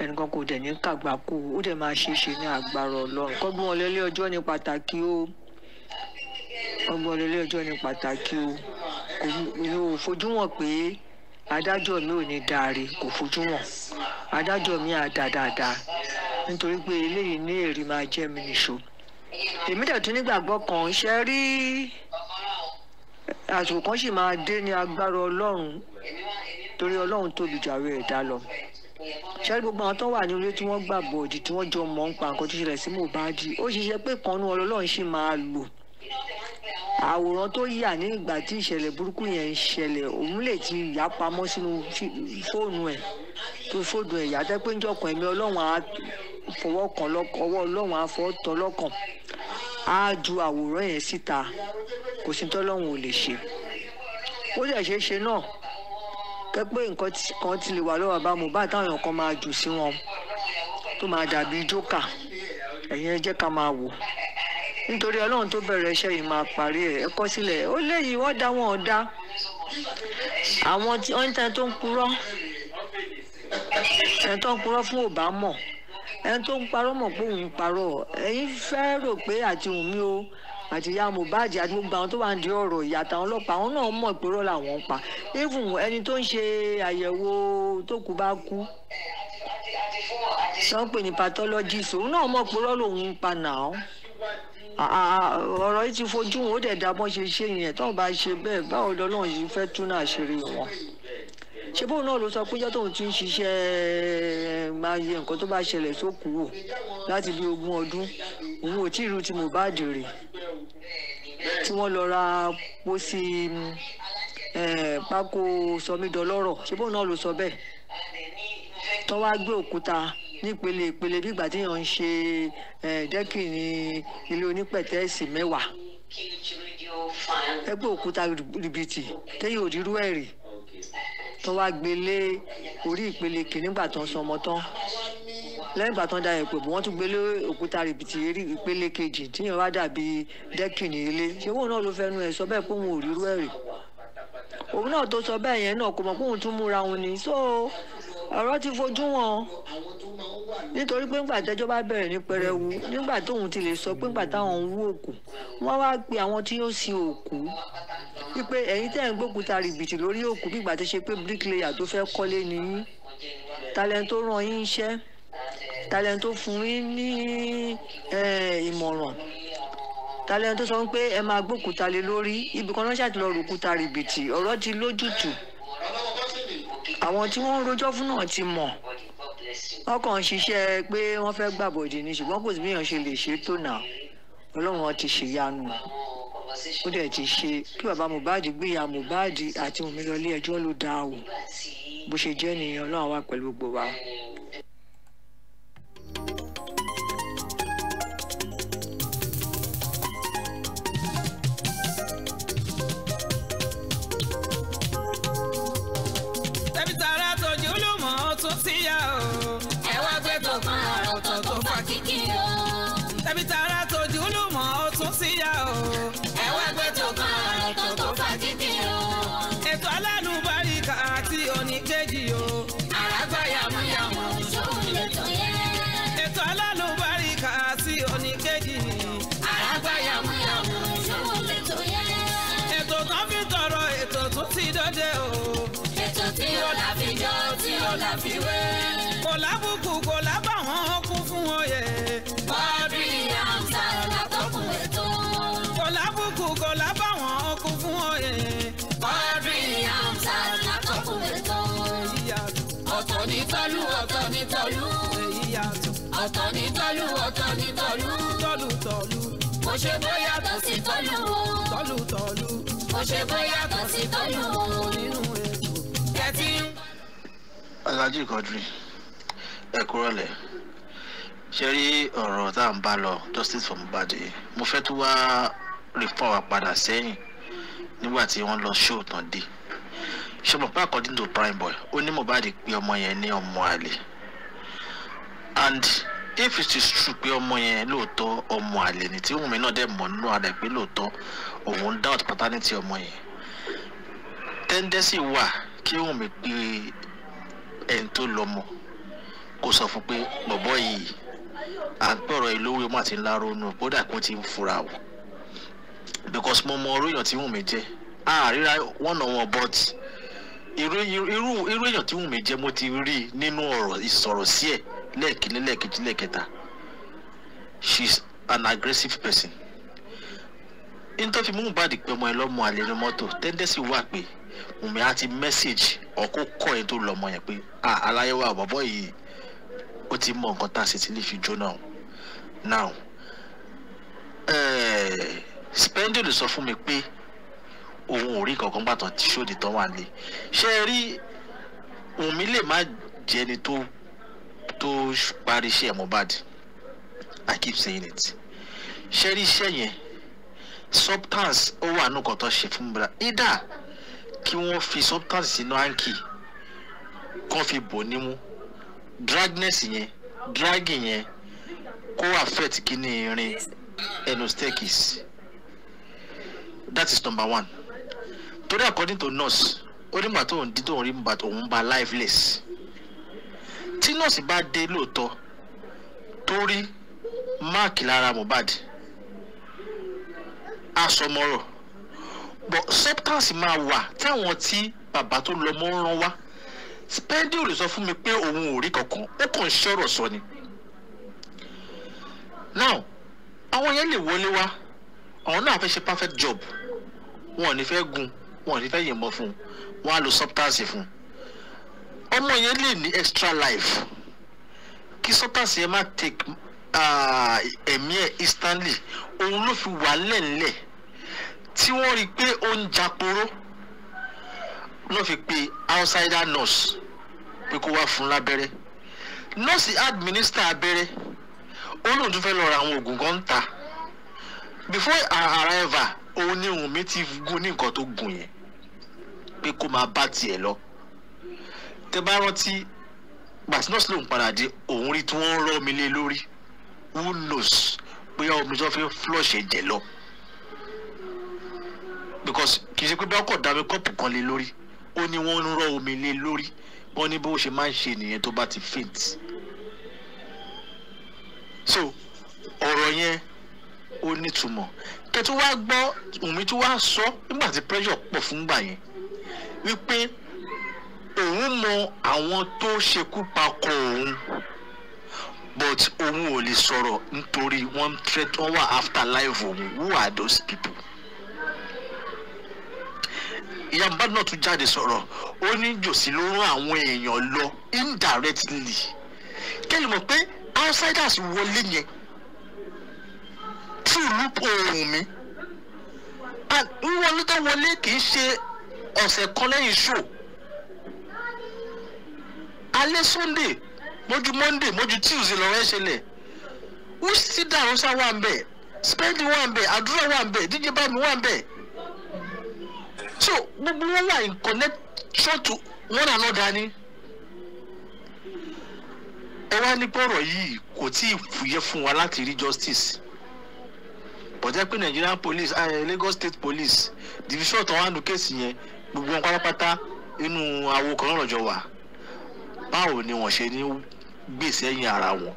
ẹnìkan kò dẹ̀ ní kàgbákò ó dẹ̀ máa ṣe é ṣe ní agbára ọlọ́run kọ́ gbé wọn lọ ní pàtàkì o ọgbọ́n ilé ẹjọ́ ní pàtàkì o kò fojú wọn pé adájọ́ mi ò ní dáre kò fojú wọn adájọ́ mi á dá dáadáa nítorí pé eléyìí ní èrè máa jẹ́ mi nìṣó èmi dẹ̀ tún nígbàgbọ́ kan ṣe rí àsìkò kan sì máa dé ní agbára ọlọ́run torí ọlọ́run tóbi jàre ẹ̀dá lọ ṣe rí gbogbo àwọn tó wà ní orí tí wọ́n gbàgbọ́ òdì tí wọ́n jọ mọ̀ ń pa nǹkan tó ṣẹlẹ̀ sí Mohbad ó ṣiṣẹ́ pé kanú ọlọ́run sì máa lò àwòrán tó yà ní ìgbà tí ìṣẹ̀lẹ̀ burúkú yẹn ń ṣẹlẹ̀ òun lè ti yà pamọ́ sínú fóònù ẹ̀ tó fóònù ẹ̀ yà tẹ́ pé ń jọkàn ẹ̀mí ọlọ́run á fọwọ́ kan ọwọ́ ọlọ́run á fọwọ́ tọ́ lọ́kàn á ju àwòrán yẹn síta kò sí tọ́lọ́run ò lè ṣe ó dẹ̀ ṣeé ṣe náà kẹ́pẹ́ nǹkan kan ti lè wà lọ́wọ́ bá Mohbad táwọn èèyàn kan máa jù sí wọn tó máa dàbí jókà ẹ̀yin ẹ nítorí ọlọ́run tó bẹ̀rẹ̀ iṣẹ́ yìí máa parí ẹ̀ ẹ kọ́ sílẹ̀ ó léyìí wọ́n dá wọn ọ̀dá àwọn tí wọ́n ń tẹ́ tó ń purọ́ ẹni tó ń purọ́ fún ò bá mọ̀ ẹni tó ń parọ́ mọ̀ pé òun ń parọ́ ẹ̀yin fẹ́ rò pé àti òun mi o àti ìyá Mohbad àti gbogbo àwọn tó wà ní ọ̀rọ̀ ìyá àtàwọn ọlọ́pàá àwọn náà mọ̀ ìpérò làwọn pa even ẹni tó ń ṣe àyẹ̀wò tó kù bá kú sọ pé ní pathologist òun náà mọ̀ ìpérò lòun ń pa náà. Ah, ọ̀rọ̀ yìí ti fojú wọn ó dẹ̀ dá bọ́n ṣe ṣe yẹn tó ń bá ṣe bẹ́ẹ̀ báwo lọ́nà yìí fẹ́ tún náà ṣe rí wọn. ṣé bóun náà ló sọ pé yọ́tò tí ń ṣiṣẹ́ máa yẹ nǹkan tó bá ṣẹlẹ̀ sókùú wò láti bí ogún ọdún òun ò tí ì ru ti Mohbad rè tí wọ́n lọ ra pósí pákó sọmídọ́lọ́rọ̀ ṣé bóun náà ló sọ bẹ́ẹ̀ tó gbé òkúta nípele ìpele bí ìgbà téèyàn ń ṣe dẹ́kìnì ilé onípẹ̀tẹ́ẹ̀sì mẹ́wàá ẹgbẹ́ òkúta rìbìtì téèyàn ò rírú ẹ̀ rí tó wá gbélé orí ìpele kìíní gbà tán sọmọ tán lẹ́yìn ìgbà tán da ẹ̀pẹ̀ wọ́n tún gbélé òkúta rìbìtì ìpele kejì tíyẹn wá dàbí dẹ́kìnì ilé ṣé wọn náà ló fẹnu ẹ̀ sọ bẹ́ẹ̀ pé òun ò rírú òun náà tó sọ bẹ́ẹ̀ yẹn náà kò mọ̀ pé òun tún múra òun ni so ọ̀rọ̀ ti fojú wọn nítorí pé ńgbà tẹ́jọ́ bá bẹ̀rẹ̀ ní pẹrẹwu nígbà tóun ti lè sọ pé ńgbà táwọn ń wú òkú wọ́n wá pe àwọn tí yóò sin òkú wípé ẹ̀yin tẹ́ ń gbókúta rìbìtì lórí òkú bí ìgbà tó ṣe pé bíríkìlẹ̀yà tó fẹ́ kọ́lé nìyí talẹ̀ tó ràn yín iṣẹ́ talẹ̀ tó fún yín ní ìmọ̀ràn talẹ̀ tó sọ pé ẹ máa gbókúta lé lórí ibì kan náà ṣàtìlọ́rùkúta rìbìtì ọ̀rọ̀ ti lójútùú àwọn tí wọ́n ń rojọ́ fún náà ti mọ̀ wọ́n kàn ń ṣiṣẹ́ pé wọ́n fẹ́ gbàbọ̀dì ni ṣùgbọ́n kò sí bí èèyàn ṣe lè ṣe tó nà ọlọ́run ti ṣèyanu ó dẹ̀ ti ṣe kí bàbá Mohbad gbéya Mohbad àti Wunmi lọ ilé ẹjọ́ ló dáa o bó ṣe jẹ́ nìyẹn ọlọ́run wà pẹ̀lú gbogbo wa. ṣe bóyá tó sí tọ́lù o. tọ́lù tọ́lù. kò ṣe bóyá tó sí tọ́lù o. nínú ètò kẹtí. Alhaji Quadri ẹ kúrọ̀lẹ́ ṣe rí ọ̀rọ̀ tá à ń bá lọ justice for Mohbad mo fẹ́ tún wá rìpọ́n wa padà sẹ́yìn nígbà tí wọ́n lọ ṣó tán dé ṣe mọ̀ pé according to Primeboy ó ní Mohbad pé ọmọ yẹn ní ọmọ àlè and if it is true pé ọmọ yẹn lóòótọ́ ọmọ àlè ni tí Wùnmí náà dẹ̀ mọ̀ nínú ara ẹ̀ pé lóòótọ́ òun doubt paternity ọmọ yẹn tendency wà kí Wùnmí pé ẹni tó lọ́mọ kó sọ fún pé bọ̀bọ́ yìí à ń pẹ̀rọ ìlówó ọmọ àti ńlá ronú bódà kó ti ń fura o because mo mọ orú èèyàn tí Wùnmí jẹ́ àríra one on one but irú èèyàn tí Wùnmí jẹ́ mo ti rí nínú ọ̀rọ̀ ìsọ̀rọ̀ sí ẹ̀ lẹ́ẹ̀kínní lẹ́ẹ̀kejì lẹ́ẹ̀kẹta she is an aggressive person nítorí mú bàdì pé ọmọ ẹ lọ́mọ àlè ní mọ́tò tẹ́ndẹ́sì wà pé mùmí á ti mẹ́sàgì ọkọ kọ́ ẹ tó lọ́mọ yẹn pé aláyẹ̀wò àbọ̀bọ̀ yìí ó ti mọ nǹkan tá a sì ti lè fi jóná o now eh, spending sọ fún mi pé òun ò rí kankan gbàtàn tí sóde tán wà lé ṣe rí Wùnmí lè má jẹni tó tó parí iṣẹ́ Mohbad I keep saying it ṣe rí iṣẹ́ yẹn substance ó wà nù kọ́tọ́ ṣe fún bra ida kí wọ́n fi substance sínú hanky kó fi bò nímú dragnet yẹn drag yẹn kó affect kíní irin ẹnu staircase that is number one torí according to nurse ó ní màtó òun dídò òun rí bàtò òun ba lifeless tí nọ́ọ̀sì bá dé lóòótọ́ tó rí máàkì lára Mohbad asọmọrọ but substance máa wà táwọn tí bàbá tó lọ mọ́ ń rán wá spendi ò lè sọ fún mi pé òun ò rí kankan ó kàn ń ṣọ̀rọ̀ sọ ni now àwọn yẹn lè wọlé wá àwọn náà fẹ́ ṣe perfect job wọn ò ní fẹ́ gun wọn ò ní fẹ́ yìnbọn fún un wọn á lo substance fún un ọmọ yẹn lè ní extra life kí sọ́tàsì yẹn má take ẹ̀mí ẹ̀ instantly òun ló fi wà lẹ́ńlẹ̀ tí wọ́n rí i pé ó ń jàporó ló fi pe outsider nurse pé kó wá fún lábẹ́rẹ́ nọ́ọ̀sì administer abẹ́rẹ́ olóhùn tún fẹ́ lọ ra àwọn oògùn kan ń ta before her arrival òun ni Wunmi ti gún ní nǹkan tó gùn yẹn pé kó máa bá tiẹ̀ lọ tẹ bá rántí gbàtí nọ́ọ̀sì lòun padà dé òun rí tí wọ́n rọ́ mi lé lórí who knows bóyá omi tí wọ́n fi ń flush ẹ̀jẹ̀ lọ because kì í ṣe pé bá ọkọ̀ dá mi kọ́ọ̀pù kan lé lórí ó ní wọ́n ń rọ́ omi lé lórí wọ́n ní bó ṣe máa ń ṣe nìyẹn tó bá ti faint so ọ̀rọ̀ yẹn ó nítumọ̀ kẹtù wá gbọ́ òun mi tún wá sọ nígbà tí pressure pọ̀ fún gbà yẹn wípé òun mọ àwọn tó ṣekú pa ọkọ òun but òun ò lè sọ̀rọ̀ nítorí wọ́n threat wọ́n wà after life òun who are those people ìyàmbá náà tún jáde sọ̀rọ̀ ó ní jòsí ló rán àwọn èèyàn lọ indirectly kẹ́lí mọ̀ pé outsiders wọlé yẹn tí ìlú ohun mi wọlé tó wọlé kì í ṣe ọ̀sẹ̀ kan lẹ́yìn show alẹ́ sunday mójú monday mójú tuesday lọ́rọ̀ ẹ̀ ṣẹlẹ̀ which still down ṣá wà ń bẹ̀ spending wà ń bẹ̀ àdúrà wà ń bẹ̀ díje bámi wà ń bẹ̀ so gbogbo wọn wà in connection to one another ni ẹ wá ní gbọ́rọ̀ yìí kò tí ì fúyẹ́ fún wa láti rí justice bọ̀dẹ́ pé Nigerian police eh, Lagos State Police division tó wà nù kéèsì yẹn gbogbo wọn pátápátá inú awo lọ́rọ̀ jọ wà báwo ni wọ́n ṣe ní gbèsè ẹ̀yìn ara wọn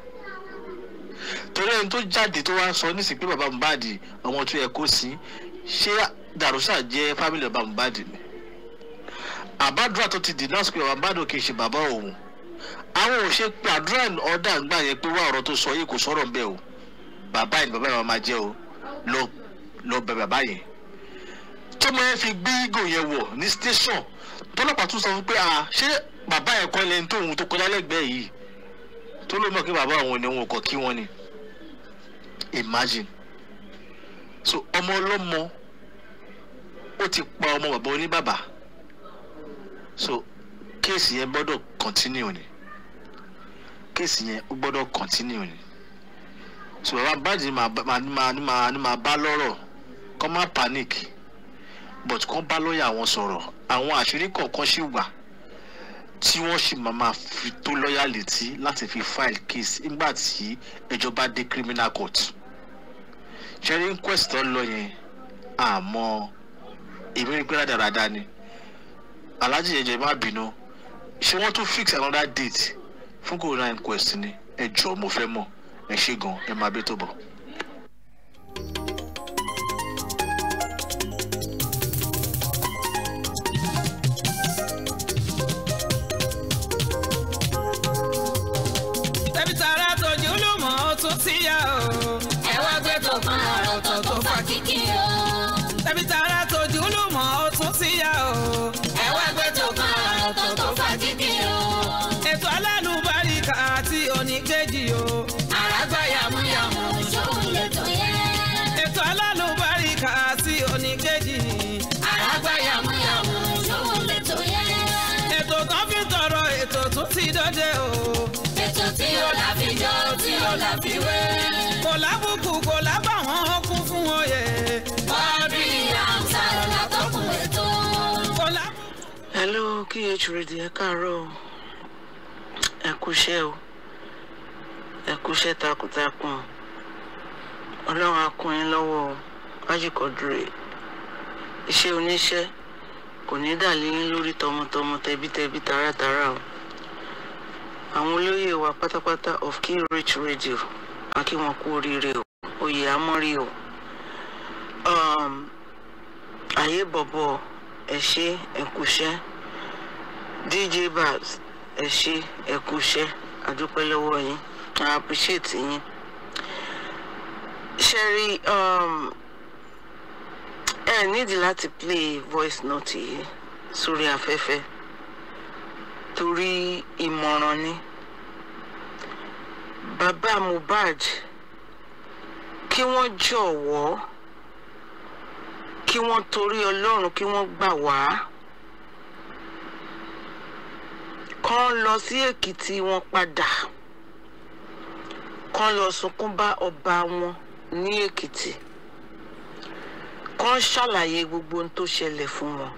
torí ẹni tó jáde tó wá sọ nísìsiyìí pé bàbá Mohbad ọmọ tó yẹ kó sí ṣé Darusha jẹ́ fámìlì bàbá Mohbad ni àbádúrà tó ti dìnnà sí pé bàbá Mohbad kì í ṣe bàbá òun àwọn ò ṣe pé àdúrà ọ̀dà ń gbà yẹn pé wá ọ̀rọ̀ tó sọ yìí kò sọ̀rọ̀ ń bẹ̀ o bàbá yìí bàbá yìí máa jẹ́ o lọ lọ bàbá yẹn tó máa fi gbé yẹn wọ̀ ní station tọ́lọ́pàá tún sọ fún pé ṣé bàbá ẹ̀ kọ́ lẹ́ni tóun tó kọjá lẹ́gbẹ̀ẹ́ yìí tó ló mọ̀ kí bàbá òun ni òun kọ̀ kí wọ́n ni imagine so ọmọ ọlọ́mọ ó ti pa ọmọ bàbá oníbàbà so kéèsì yẹn gbọ́dọ̀ continue ni kéèsì yẹn ó gbọ́dọ̀ continue ni so bàbá bàjẹ́ ni màá bá lọ́rọ̀ kọ́ má panic but kọ́ bá lọ́ọ̀yà wọn sọ̀rọ̀ àwọn àṣírí kọ̀ọ̀kan ṣì wà tí wọ́n sì máa máa fi tó lọ́ọ̀yà létí láti fi file case nígbà tí ẹjọ́ bá dé criminal court ṣẹ́rí inquest tó lọ yẹn àmọ́ èmi rí pé rádaràda ni aláàjì ẹ̀jẹ̀ má bínú ṣé wọ́n tún fix another date fún corona inquest ni ẹjọ́ mo fẹ́ mọ̀ ẹ ṣe gan ẹ máa bẹ́ tó bọ̀. ph radio ẹ káàárọ̀ o ẹ kúṣẹ́ o ẹ kúṣẹ́ takuntakun ọlọ́run á kún yín lọ́wọ́ o wájúkọ̀dúrè e. iṣẹ́ oníṣẹ́ kò ní dà lórí tọmọtọmọ tẹbítẹbí taratara o àwọn olóyè wa pátápátá of king rich radio a kí kú oríire o oyè amọ́rí o um, ayé bọ̀bọ̀ ẹ ṣé dj babs ẹ ṣe ẹ kú iṣẹ́ àdúpẹ́ lọ́wọ́ yín i appreciate yín ṣẹ́rí um, ẹ nídìí láti play voice note yìí sórí afẹ́fẹ́ torí ìmọ̀ràn ni bàbá Mohbad kí wọ́n jọ̀wọ́ kí wọ́n torí Ọlọ́run kí wọ́n gbà wá. kán lọ sí èkìtì wọn padà kán lọ sunkún bá ọba wọn ní èkìtì kán ṣàlàyé gbogbo ohun tó ṣẹlẹ̀ fún wọn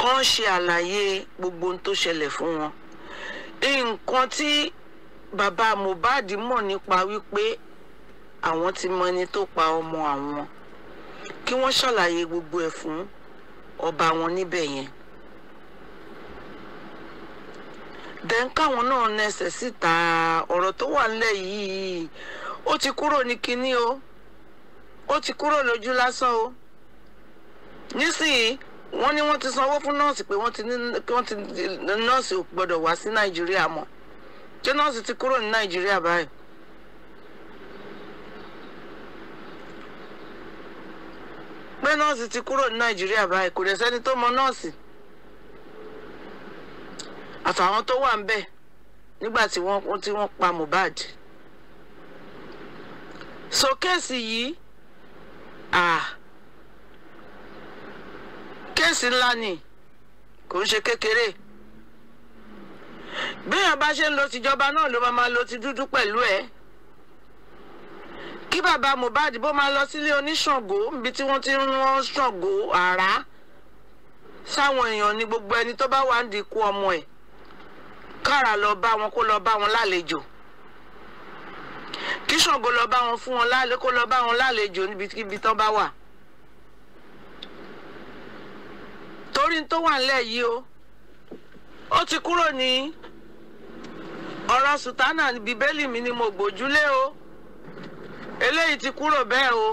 kán ṣe àlàyé gbogbo ohun tó ṣẹlẹ̀ fún wọn nǹkan tí bàbá Mohbad mọ̀ nípa wípé àwọn ti mọ ẹni tó pa ọmọ àwọn kí wọ́n ṣàlàyé gbogbo ẹ̀ fún ọba wọn níbẹ̀ yẹn. then káwọn náà nẹsẹ̀ síta ọ̀rọ̀ tó wà nílẹ̀ yìí ó ti kúrò ní kinní o ó ti kúrò lójú lásán o nísìnyí wọ́n ní wọ́n ti sanwó fún nọ́ọ̀sì pé wọ́n ti nọ́ọ̀sì ò gbọ́dọ̀ wá sí nàìjíríà mọ́ ṣé nọ́ọ̀sì ti kúrò ní nàìjíríà báyìí. pé nọ́ọ̀sì ti kúrò ní nàìjíríà báyìí kò dẹ̀ sẹ́ni tó mọ nọ́ọ̀sì àtàwọn tó wà ń bẹ̀ nígbà tí wọ́n tí wọ́n pa Mohbad so kéèsì yìí ah kéèsì ńlá ni kò ń ṣe kékeré béèyàn bá ṣe ń lo tìjọba náà ló máa lo ti dúdú pẹ̀lú ẹ̀ kí bàbá Mohbad bó máa lọ sílé oníṣàngó níbi tí wọ́n ti ń rán ṣàngó àrá sáwọn èèyàn ní gbogbo ẹni tó bá wà ń dínkù ọmọ ẹ̀ kára lọ bá wọn kó lọ bá wọn lálejò kí Ṣàngó lọ bá wọn fún wọn lálẹ́ kó lọ bá wọn lálejò níbikíbi tán bá wà torí tó wà nílẹ̀ yìí o ó ti kúrò ní ọ̀rọ̀ sùtánà bíbélì mi ni mo gbòjúlé o eléyìí ti kúrò bẹ́ẹ̀ o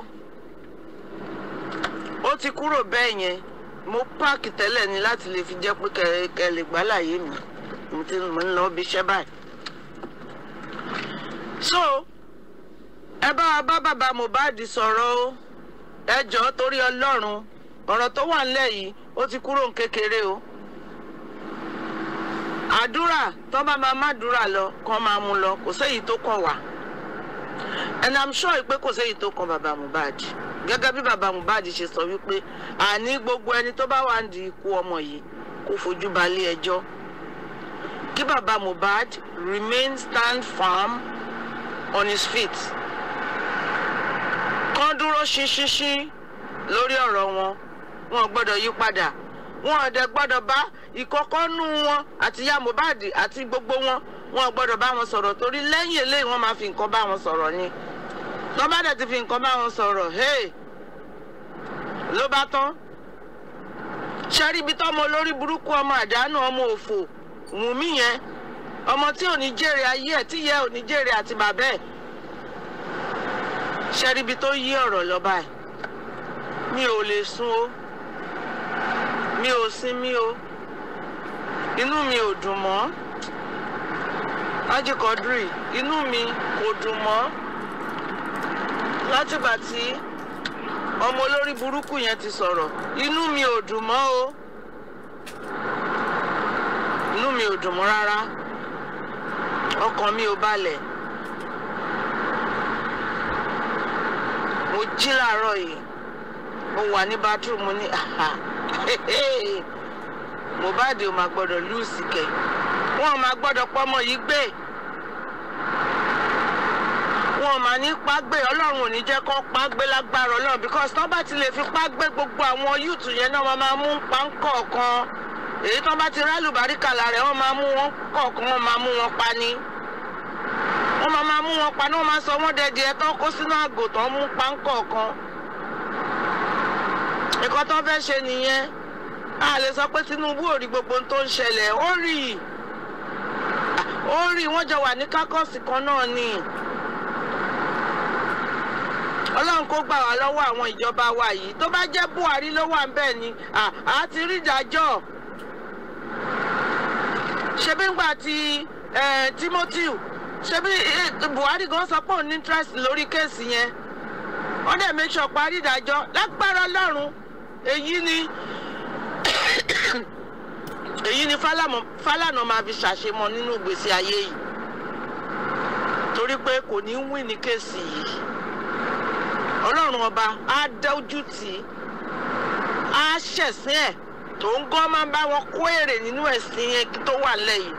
ó ti kúrò bẹ́ẹ̀ yẹn mo páàkì tẹ́lẹ̀ ni láti lè fi jẹ́ pé kẹ́ lè gbàláyé mi mo ti mò ń lọ bí so ẹ bá wa bá bàbá Mohbad sọ̀rọ̀ o ẹ jọ̀ọ́ torí Ọlọ́run ọ̀rọ̀ tó wà nílẹ̀ yìí ó ti kúrò ní kékeré o àdúrà tó bá máa má dúrà lọ kàn máa mú lọ kò séyìí tó kàn wá and i'm sure pé kò séyìí tó kan bàbá Mohbad gẹ́gẹ́ bí bàbá Mohbad ṣe sọ wípé àní gbogbo ẹni tó bá wà ń ikú ọmọ yìí kó fojú balẹ̀ ẹjọ́ kí mubad Mohbad stand firm on his feet kán dúró ṣinṣinṣin lórí ọ̀rọ̀ wọn wọn gbọ́dọ̀ yí padà wọn ọ̀dẹ̀ gbọ́dọ̀ bá ìkọ̀kọ́nú wọn àti ya mubad. àti gbogbo wọn wọn gbọ́dọ̀ bá wọn sọ̀rọ̀ torí lẹ́yìn eléyìí wọ́n máa fi nǹkan bá wọn sọ̀rọ̀ ni tó bá dẹ̀ ti fi nǹkan bá wọn sọ̀rọ̀ hey ló bá tán ṣẹ́ríbi tọ́mọ olórí burúkú ọmọ àdánù ọmọ òfò Wùnmí yẹn ọmọ tí ò ní jèrè ayé ẹ̀ tí yẹ ò ní jèrè àti bàbá ẹ̀ ṣẹ́ríbi tó yí ọ̀rọ̀ lọ́ba ẹ̀ mi ò lè sùn o mi ò sinmi o inú mi ò dùn mọ́ ajíkọ̀dúrì inú mi kò dùn mọ́ látìgbà tí ọmọ olórí burúkú yẹn ti sọ̀rọ̀ inú mi ò dùn mọ́ o inú mi ò dùn mọ́ rárá ọkàn mi ò balẹ̀ mo jí láàárọ̀ yìí mo wà ní bathroom mo ní Mohbad ò máa gbọ́dọ̀ lùsì kẹ̀ wọ́n máa gbọ́dọ̀ pọ́mọ yìí gbé wọn máa ní pàgbé ọlọ́run ò ní jẹ́ kó pàgbé lágbára ọlọ́run because tó bá ti lè fi pàgbé gbogbo àwọn yúùtù yẹn náà wọ́n máa mú páńkọ̀ọ̀kan èyí tán bá ti rálù báríkà lára ẹ̀ wọ́n máa mú wọn kọ̀ọ̀kan wọ́n máa mú wọn pa ni wọ́n máa máa mú wọn pa ni wọ́n máa sọ wọ́n dẹ̀dẹ̀ ẹ̀ tán kó sínú àgò tán mú páńkọ̀ọ̀kan nǹkan tán fẹ́ ṣe nìyẹn a lè sọ pé Tinubu ò rí gbogbo tó ń ṣẹlẹ̀ ó rí ó rí wọ́n jọ wà ní kákọ́ọ̀sì kan náà ni ọlọ́run kó gbà wá lọ́wọ́ àwọn ìjọba wa yìí tó bá jẹ́ Buhari ló wà ń bẹ̀ ni àá ti rí ìdájọ́ ṣebí ńgbà tí Timothy ṣebí Buhari gan sọ pé òun ní interest lórí kéèsì yẹn wọ́n dẹ̀ make sure parí ìdájọ́ lágbára Ọlọ́run èyí ni èyí ni Fálànà máa fi ṣàṣemọ nínú ìgbésí ayé yìí torí pé kò ní wí ní kéèsì yìí Ọlọ́run ọba á dá ojú tì í á ṣẹ̀sìn ẹ̀ tó ń gọ́ máa bá wọn kó èrè nínú ẹ̀sìn yẹn tó wà lẹ́yìn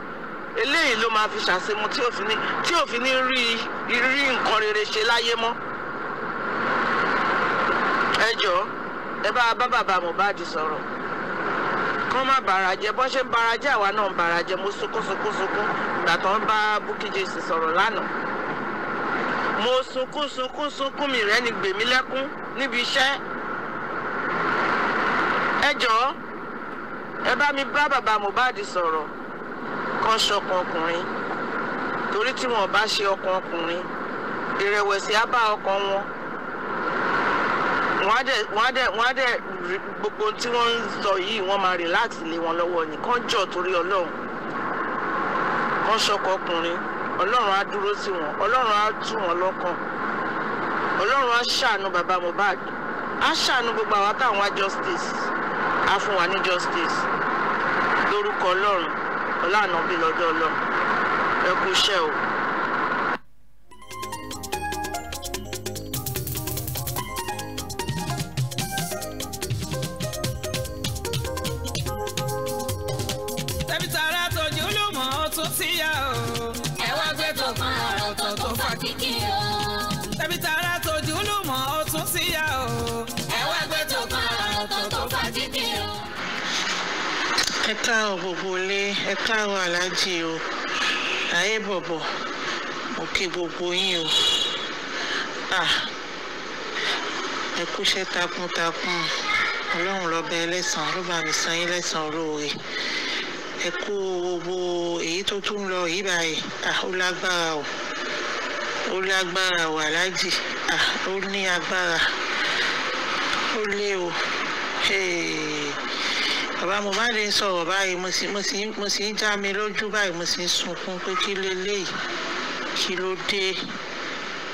eléyìí ló máa fi ṣàṣemọ tí òfin ní tí òfin ní rí rí nǹkan rere ṣe láyé mọ́ ẹ jọ ẹ bá bá bàbá Mohbad sọ̀rọ̀ kán má bàrà jẹ́ bọ́n ṣe ń bàrà jẹ́ àwa náà ń bàrà jẹ́ mo sunkún sunkún sunkún ìgbà tó ń bá Bukky Jease sọ̀rọ̀ lánàá mo sunkún sunkún sunkún mi rẹ́ ni gbèmí lẹ́kún níbi iṣẹ́ ẹ jọ̀ọ́ ẹ bá mi bá bàbá Mohbad sọ̀rọ̀ kan ṣọkan ọkùnrin torí tí wọn bá ṣe ọkàn ọkùnrin ìrẹ̀wẹ̀sì á bá ọkàn wọn wọn á dẹ̀ wọn á dẹ̀ wọn á dẹ̀ gbogbo tí wọn ń sọ yìí wọn máa relax lé wọn lọ́wọ́ ni jọ torí Ọlọ́run kàn ṣọkọ ọkùnrin Ọlọ́run á dúró sí wọn Ọlọ́run á tú wọn lọ́kàn Ọlọ́run á ṣàánú bàbá Mohbad á ṣàánú gbogbo àwọn táwọn á á fún wa ní justice lórúkọ ọlọ́run ọlá ànábì lọ́dọ̀ ọlọ́run ẹ kú iṣẹ́ o. káàrọ̀ gbogbo ilé ẹ káàrọ̀ aláàjì o ayé bọ̀bọ̀ mo kí gbogbo yín o ẹ kúṣẹ́ takuntakun ọlọ́run lọ́ba ẹlẹ́sàn ló bá mi san yín lẹ́sàn olóore ẹ kú gbogbo èyí tó tún lọ yìí báyìí ó lágbára o ó lágbára o aláàjì ó ní agbára ó lé o. Hey bàbá Mohbad ń sọ̀rọ̀ báyìí mo sì ń já mi lójú báyìí mo sì ń sunkún pé kí leléyìí kí ló dé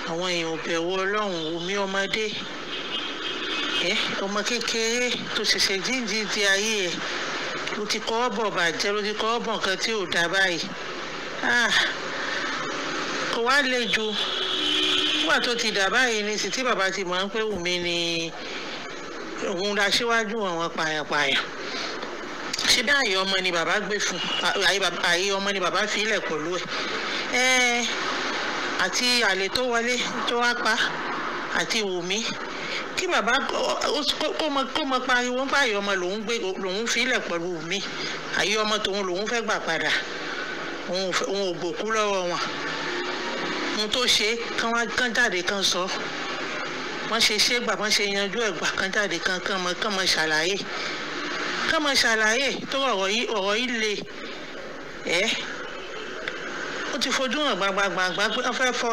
àwọn èèyàn ò bẹ̀wò ọlọ́run omi ọmọdé ẹ ọmọ kékeré tó ṣẹ̀ṣẹ̀ jíǹjìn di ayé ẹ̀ ló ti kọ́ ọ́ bọ̀ bàjẹ́ ló ti kọ́ ọ́ bọ̀ nǹkan tí ò dá báyìí ah, kò wá le ju nígbà tó ti dà báyìí ní sì tí bàbá ti mọ̀ ń pé Wùmí ni òun la àwọn pààyàn pààyàn ṣé bí àyè ọmọ ni bàbá gbé fún àyè ọmọ ni bàbá fi ilẹ̀ pẹ̀lú ẹ̀ àti àlè tó wọlé tó wá pa àti wùmí kí bàbá kó mọ pariwo nípa àyè ọmọ lòún gbé lòún fi ilẹ̀ pẹ̀lú wùmí àyè ọmọ tòun lòún fẹ́ gbà padà òun ò gbòkú lọ́wọ́ wọn ohun tó ṣe kán wá kán jáde kán sọ wọ́n ṣe ṣé gbà wọ́n ṣe yanjú ẹ̀gbà kán jáde kán kán mọ kán mọ ṣàlàyé mọ̀ ṣàlàyé tó ọ̀rọ̀ yìí ọ̀rọ̀ yìí le ẹ́ ó ti fojú hàn gbàgbàgbàgbà pé wọ́n fẹ́ fọ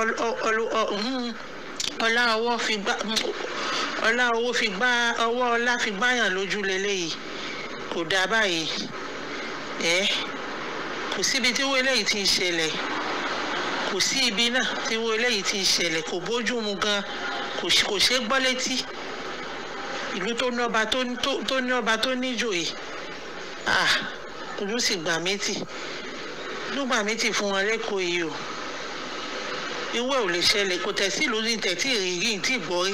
ọlá ọwọ́ fi gbá ọlá owó fi gbá ọwọ́ ọlá fi gbáyàn lójú leléyìí kò dáa báyìí ẹ́ kò síbi tí wọ́n eléyìí ti ń ṣẹlẹ̀ kò sí ibi náà tí wọ́n eléyìí ti ṣẹlẹ̀ kò bójú mu gan kò ṣe gbọ́ létí ìlú tó ní ọba tó ní ọba tó ní ìjòyè ah ìlú sì gbà méjì ìlú gbà méjì fún wọn lẹ́kọ̀ọ́ yìí o ìwé ò lè ṣẹlẹ̀ kò tẹ̀ sí ìlú ní tẹ̀tí ìrírí ní tìgbọ́rí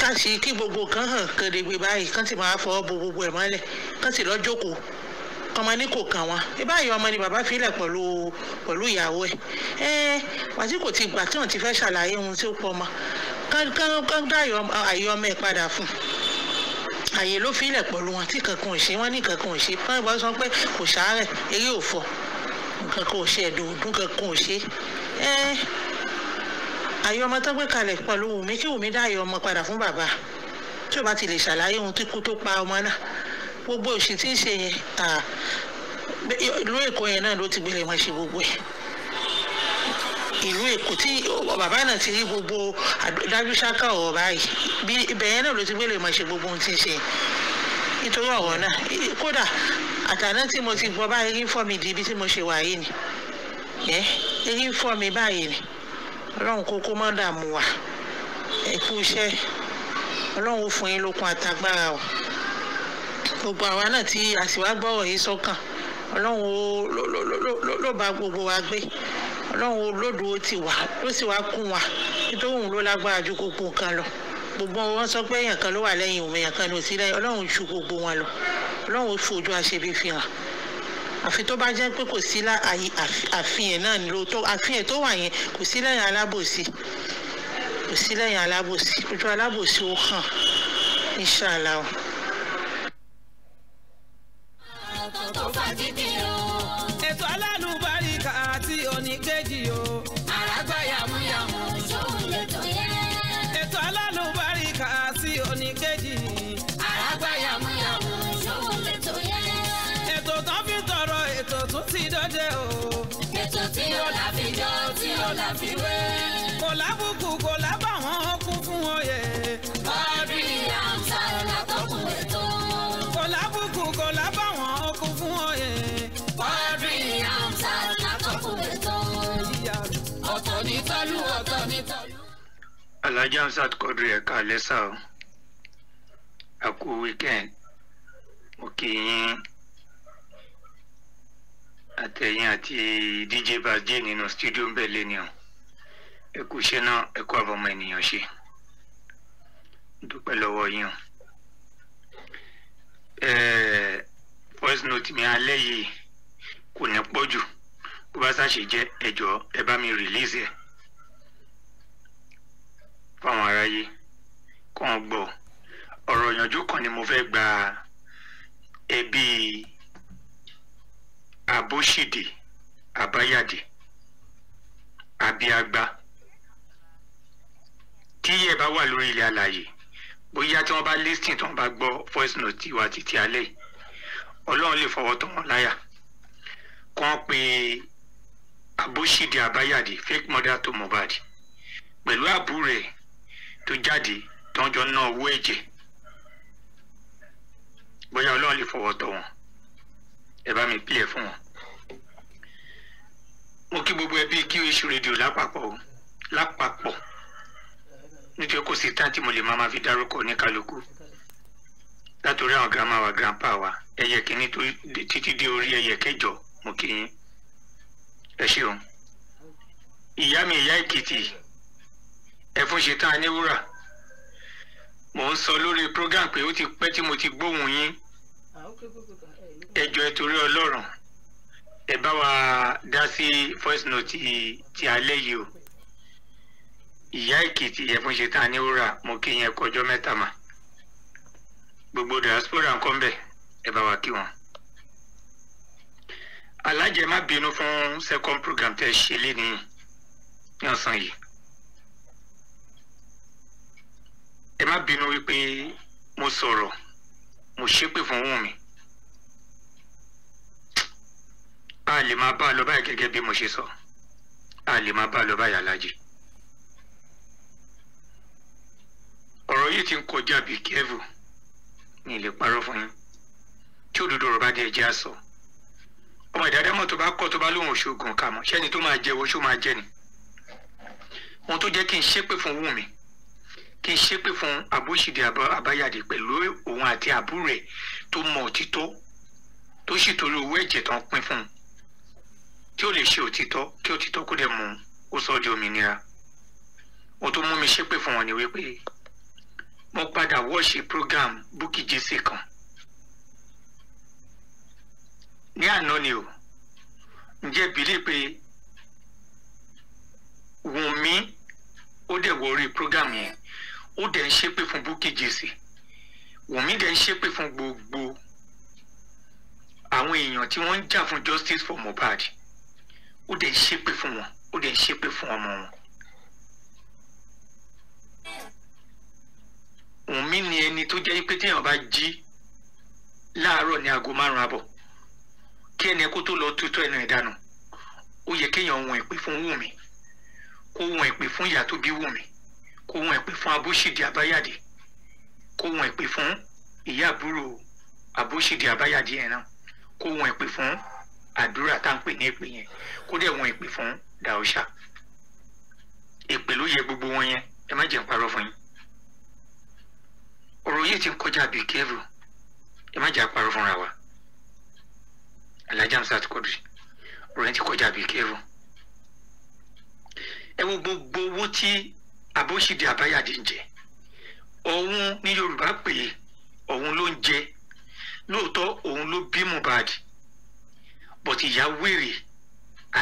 káṣí kí gbogbo kan hàn kedegbe báyìí kán sì máa fọwọ́ bo gbogbo ẹ̀ mọ́lẹ̀ kán sì lọ́ọ́ jókòó ọmọ ní kò kàn wọn ìbáyìí ọmọ ni bàbá filẹ̀ pẹ̀lú pẹ̀lú ìyàwó ẹ̀ ẹ́ wàtí kò ti gbà tí wọ́n ti fẹ́ ṣàlàyé ohun tí ó pọ̀ ọmọ kán dá àyè ọmọ ẹ̀ padà fún àyè ló fi ilẹ̀ pọ̀lú wọn tí kankan ò ṣe wọn ní kankan ò ṣe fún ìgbà sọ pé kò ṣàárẹ̀ eré ò fọ kankan ò ṣe ẹ̀dùn òdùn kankan ò ṣe ẹ́ àyè ọmọ tó gbé kalẹ̀ pẹ̀lú Wùmí kí Wùmí dá àyè ọmọ padà fún bàbá tí o bá ti lè ṣàlàyé ohun tí kú tó pa ọmọ náà gbogbo òṣì tí ń ṣe yẹn ìlú Èkó yẹn náà ló ti gbélé wọn ṣe gbogbo ẹ̀ ìlú èkó tí bàbá náà ti rí gbogbo dájúsáká ọ̀rọ̀ báyìí bí ibẹ̀ yẹn náà ló ti gbélé mọ̀ ṣe gbogbo ohun tí ń ṣe nítorí ọ̀rọ̀ náà kódà àtàná tí mo ti gbọ́ báyìí ń fọ́ mi di ibi tí mo ṣe wà yìí ni ẹ eyín fọ́ mi báyìí ni ọlọ́run kókó má dààmú wa ẹ kú iṣẹ́ ọlọ́run ó fún yín lókun àtagbára o gbogbo àwa náà tí àsìwá gbọ́rọ̀ yìí sọ́kàn ọlọ́run ó ló bá gbogbo wa gbé ọlọ́run olódò ti wà ló sì wá kún wa nítorí òun ló lágbára ju gbogbo nǹkan lọ gbogbo wọn sọ pé èèyàn kan ló wà lẹ́yìn òun èèyàn kan ló sí lẹ́yìn ọlọ́run ju gbogbo wọn lọ ọlọ́run fojú aṣebi fi hàn àfi tó bá jẹ́ pé kò sí àfihàn náà ni lóòótọ́ àfihàn tó wà yẹn kò sí lẹ́yìn alábòsí kò sí lẹ́yìn alábòsí ojú alábòsí ó hàn inṣàlá o. àkókò fàdídìí alhaji hamsat quadri ẹ̀ka lẹ́sà o a kú weekend mo kì àti dj bajé nínú studio ń bẹ̀ lẹ́ni o ẹ kú iṣẹ́ náà ẹ kú àwọn ọmọ ènìyàn ṣe dúpẹ́ lọ́wọ́ yín o voice note mi alẹ́ yìí kò ní pọ̀jù kó bá ṣàṣe jẹ́ ẹ bá mi release ẹ̀ fáwọn aráyé kó wọn gbọ́ ọ̀rọ̀ ìyànjú kan ni mo fẹ́ gba ẹbí abóṣìdè àbáyàdé àbíagbá tí ẹ bá wà lórí ilẹ̀ alàyè bóyá tí wọ́n bá listing tí wọ́n bá gbọ́ voice note tiwa títí alẹ́ ọlọ́run lè fọwọ́ tọ̀ wọ́n láyà kàn pé abóṣìdè àbáyàdé fake mother to Mohbad pẹ̀lú àbúrò ẹ̀ tó jáde tó ń jọ ná owó ẹ̀jẹ̀ bóyá ọlọ́run lè fọwọ́ tọ̀ wọ́n ẹ bá mi pílẹ̀ fún wọn. mo kí gbogbo ẹbí QH rédíò lápapọ̀ lápapọ̀ nítorí kò sí táǹtì mo lè máa ma fi dárúkọ ní kálukú látòrí àwọn grandma wa grandpa wa ẹyẹ kìíní títí dé orí ẹyẹ kẹjọ mo kí yín ẹ ṣeun ìyá mi ìyá Èkìtì ẹfún ṣetán aníwúrà mò ń sọ lórí program pé ó ti pẹ́ tí mo ti gbóhùn yín ah, eh, ẹ jọ̀ọ́ ẹ Ọlọ́run ẹ bá wa dá sí voice note ti alẹ́ yìí o ìyá èkìtì ẹfún ṣetán aníwúrà mo kí yẹn kọjọ mẹ́ta mà gbogbo diaspora nǹkan bẹ ẹ bá wa kí wọn alájẹ má bínú fún second program tẹ ṣe lé ní ọ̀sán yìí. ẹ má bínú wípé mo sọ̀rọ̀ mo ṣépè fún Wùnmí a lè máa bá a lọ báyìí gẹ́gẹ́ bí mo ṣe sọ a lè máa bá a lọ báyìí aláàjì ọ̀rọ̀ yìí ti ń kọjá bíi kẹ́ẹ̀vù ní ilé parọ́ fún yín tí òdodo ọ̀rọ̀ bá dé ẹjẹ́ àsọ ọmọ ìdádẹ́mọ̀ tó bá kọ́ tó bá lóun òṣogun kà mọ́ ṣẹ́ni tó máa jẹ́wọ́ ṣó máa jẹ́ ni ohun tó jẹ́ kí n ṣépè fún Wùnmí kí n ṣépè fún abóṣìdì àbáyàdé pẹ̀lú òun àti àbúrò ẹ̀ tó mọ òtítọ́ tó sì torí owó ẹ̀jẹ̀ tán pín fún un tí ó lè ṣe òtítọ́ kí òtítọ́ kó dẹ̀ mú ó sọ di òmìnira ó tó mú mi ṣépè fún wọn ni wípé mo padà wọ́ọ̀ṣì program Bukky Jesse kan ní àná ni o ǹjẹ́ bílẹ̀ pé Wùnmí ó dẹ̀ wọ program yẹn ó dẹ̀ ń ṣépè fún Bukky Jesse Wùmí dẹ̀ ń ṣépè fún gbogbo àwọn èèyàn tí wọ́n ń jà fún justice for Mohbad ó dẹ̀ ń ṣépè fún wọn ó dẹ̀ ń ṣépè fún ọmọ wọn. Wùmí ni ẹni tó jẹ́ pé téèyàn bá jí láàárọ̀ ní aago márùn-ún àbọ̀ kí ẹni kó tó lọ tutọ́ ẹnu ẹ̀ dànù ó yẹ kéèyàn wọn ìpè fún Wùmí kó wọn ìpè fún ìyá tó bí Wùmí kó wọn èpè fún abóṣìdì àbáyàdé kó wọn èpè fún ìyá àbúrò abóṣìdì àbáyàdé yẹn náà kó wọn èpè fún àdúrà tá à ń pè ní èpè yẹn kó dẹ̀ wọn èpè fún dàóṣà èpè ló yẹ gbogbo wọn yẹn ẹ má jẹ́ ń parọ́ fún yín ọ̀rọ̀ yìí ti ń kọjá bíi kẹ́rù ẹ má jẹ́ àparọ́ fúnra wa Alhaji Hamzat Quadri ọ̀rọ̀ yẹn ti kọjá bíi kẹ́rù ẹ wo gbogbo owó tí abóṣìdì àbáyàdé ń jẹ òun ní yorùbá pè é òun ló ń jẹ lóòótọ́ òun ló bí Mohbad but ìyá wèrè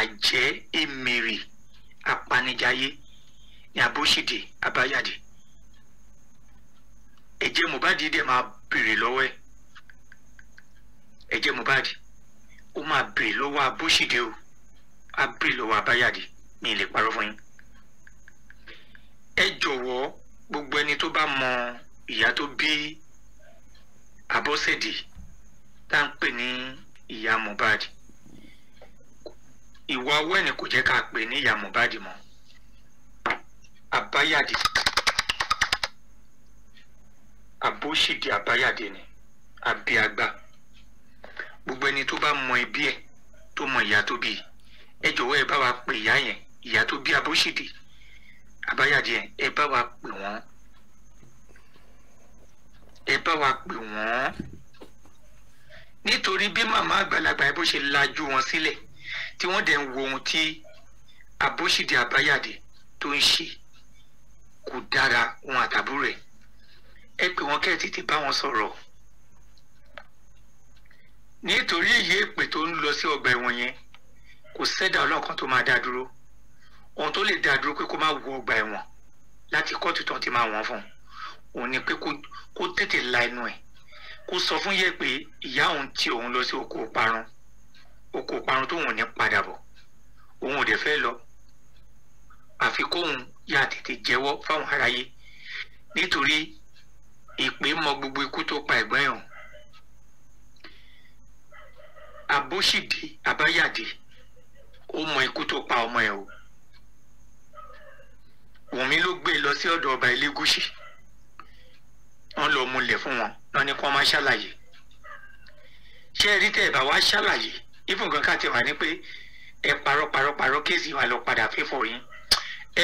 àjẹ́ èmèrè apanijayé ní abóṣìdì àbáyàdé ẹ̀jẹ̀ Mohbad dẹ̀ máa bèrè lọ́wọ́ ẹ̀ ẹ̀jẹ̀ Mohbad ó máa bèrè lọ́wọ́ abóṣìdì o á bèrè lọ́wọ́ àbáyàdé mi ì parọ́ fún yín ẹ jọ̀wọ́ gbogbo ẹni tó bá mọ ìyá tó bí Abọ́sẹ̀dé tá à ń pè ní ìyá Mohbad ìwà ọwọ́ ẹni kò jẹ́ ká pè ní ìyá Mohbad mọ́ àbáyàdé àbóṣìdí àbáyàdé ni àbíagbá gbogbo ẹni tó bá mọ ẹbí ẹ tó mọ ìyá tó bí ẹ jọ̀wọ́ ẹ bá wa pè ìyá yẹn ìyá tó bí Abóṣìdí àbájáde ẹ bá wa pè wọ́n ẹ bá wa pè wọ́n nítorí bí màmá àgbàlagbà ẹ bó ṣe lajú wọn sílẹ̀ tí wọ́n dẹ̀ ń wo ohun tí àbóṣìdì àbáyàdé tó ń ṣe kò dára wọn àtàbúrò ẹ̀ ẹ pè wọ́n kẹ́ tètè bá wọn sọ̀rọ̀ nítorí èyí èpè tó ń lọ sí ọgbà ẹ̀wọ̀n yẹn kò sẹ́dà ọlọ́kan tó máa dá dúró ohun tó lè dá dúró pé kó má wọ ọgbà ẹ̀wọ̀n láti kóòtù tó ti máa wọ́n fún un òun ni pé kó tètè la ẹnu ẹ̀ kó sọ fún yẹ pé ìyá òun ti òun lọ sí oko parun oko parun tóun ò ní padà bọ̀ òun ò dẹ̀ fẹ́ lọ àfi kóun yà tètè jẹ́wọ́ fáwọn aráyé nítorí ìpè mọ gbogbo ikú tó pa ẹ̀gbọ́n ẹ̀hún abóṣìdì àbáyàdì ó mọ ikú tó pa ọmọ ẹ̀ o. Wùnmí ló gbé e lọ sí ọ̀dọ̀ ọba Elégùṣì wọ́n lọ múlẹ̀ fún wọn wọ́n ní kí wọ́n má ṣàlàyé ṣé ẹ rí tẹ́ ẹ bá wá ṣàlàyé ìfún kan ká ti wà ní pé ẹ parọ́ parọ́ parọ́ kéèsì wa lọ padà fífọ̀ yín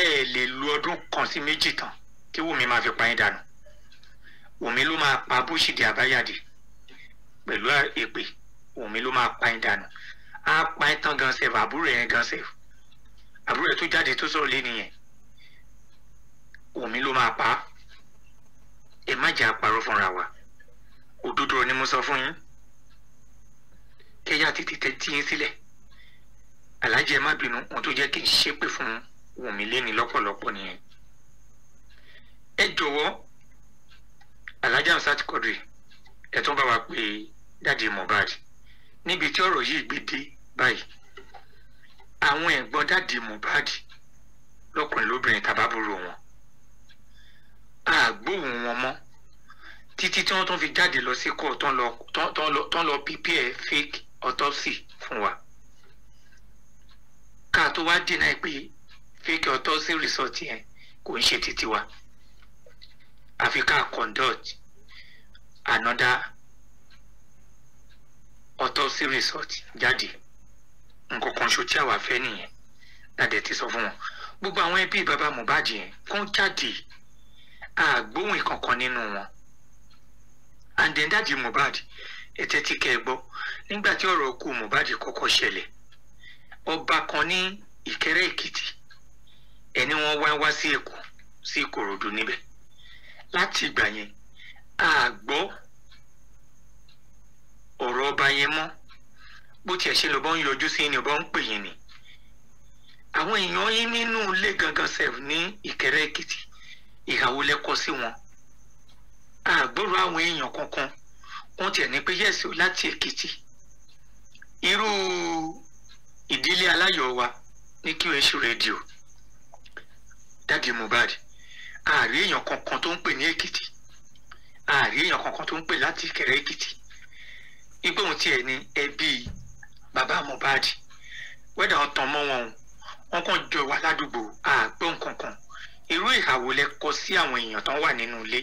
ẹ lè lu ọdún kan sí méjì tán kí Wùnmí máa fi pa yín dànù Wùnmí ló máa pa Búṣìdì Àbáyàdé pẹ̀lú èpè Wùnmí ló máa pa yín dànù á pa tán gan sẹ́f àbúrò yẹn gan sẹ́f àbúrò yẹn tó jáde tó sọ̀rọ̀ lé nìyẹn Wùmí ló máa pa á ẹ má jẹ́ àparọ́ fúnra wa òdodo ni mo sọ fún yín kẹ́yà tètè tẹ́ tí yín sílẹ̀ alájẹ má bínú ohun tó jẹ́ kí n ṣépè fún Wùmí léni lọ́pọ̀lọpọ̀ nìyẹn ẹ jọ̀wọ́ alájà Hamzat Quadri ẹ tún bá wa pé dáàdi Mohbad níbi tí ọ̀rọ̀ yìí gbé dé báyìí àwọn ẹ̀gbọ́n dáàdi Mohbad lọ́kùnrin lóbìnrin tàbábúrò wọn títí tí wọ́n tún fi jáde lọ sí kóò tán lọ prepare fake autopsy fún wa ká tó wá dènà pé fake autopsy result yẹn kò ń ṣe títí wa àfi ká conduct another autopsy result jáde nǹkan kan ṣojú àwa fẹ́ nìyẹn ládẹ ti sọ fún wọn gbogbo àwọn ẹbí bàbá Mohbad yẹn kó jáde àgbóhùn kankan nínú wọn and then dájú Mohbad ẹ tẹ́tí kẹ́ ẹ gbọ́ nígbà tí ọ̀rọ̀ kú Mohbad kọ́kọ́ ṣẹlẹ̀ ọba kan ní Ìkẹrẹ́ Èkìtì ẹni wọ́n wá wá sí Èkó sí Ìkòròdú níbẹ̀ láti ìgbà yẹn a gbọ́ ọ̀rọ̀ ọba yẹn mọ́ bó tiẹ̀ ṣe lọ́bọ́ ń yọjú sí ni ọba ń pè yín ni àwọn èèyàn yín nínú ilé gangan sef ní Ìkẹrẹ́ Èkìtì ìhàwó lẹ́kọ́ sí wọn àgbọ̀rọ̀ àwọn èèyàn kankan wọ́n tiẹ̀ ní pé yẹ́sì láti Èkìtì irú ìdílé aláyọ̀ wa ní QH rédíò dádì Mohbad ààrí èèyàn kankan tó ń pè ní Èkìtì ààrí èèyàn kankan tó ń pè láti Ìkẹrẹ́ Èkìtì igbóhùn tiẹ̀ ní ẹbí bàbá Mohbad wẹ́dà ọ̀tàn mọ́ wọn o wọn kàn jọ wà ládùúgbò àgbọ̀n kankan irú ìhàwọ̀ lẹ kọ sí àwọn èèyàn tó wà nínú ilé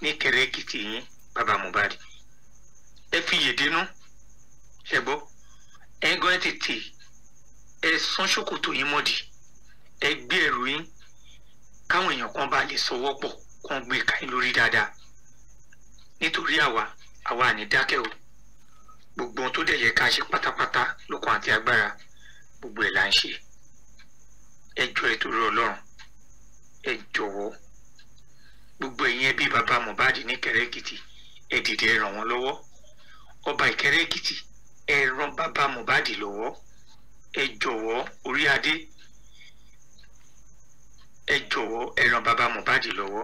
ní Ìkẹrẹ Èkìtì yín bàbá Mohbad ẹ fi yèdínú ṣe gbọ́ ẹ gan ẹ tètè ẹ sán ṣòkòtò yín mọ́dì ẹ gbé ẹrù yín káwọn èèyàn kan bá lè sọwọ́ pọ̀ kán gbé ká yín lórí dáadáa nítorí àwa àwa àní dákẹ́ o gbogbo ohun tó dẹ̀ yẹ ká ṣe pátápátá lókun àti agbára gbogbo ẹ̀ là ń ṣe ẹ jọ ẹ torí Ọlọ́run ẹ jọ̀wọ́ gbogbo ẹ̀yin ẹbí bàbá Mohbad ní Ìkẹrẹ́ Èkìtì ẹ dìde ẹ ràn wọ́n lọ́wọ́ ọba Ìkẹrẹ́ Èkìtì ẹ ràn bàbá Mohbad lọ́wọ́ ẹ jọ̀wọ́ orí adé ẹ jọ̀wọ́ ẹ ràn bàbá Mohbad lọ́wọ́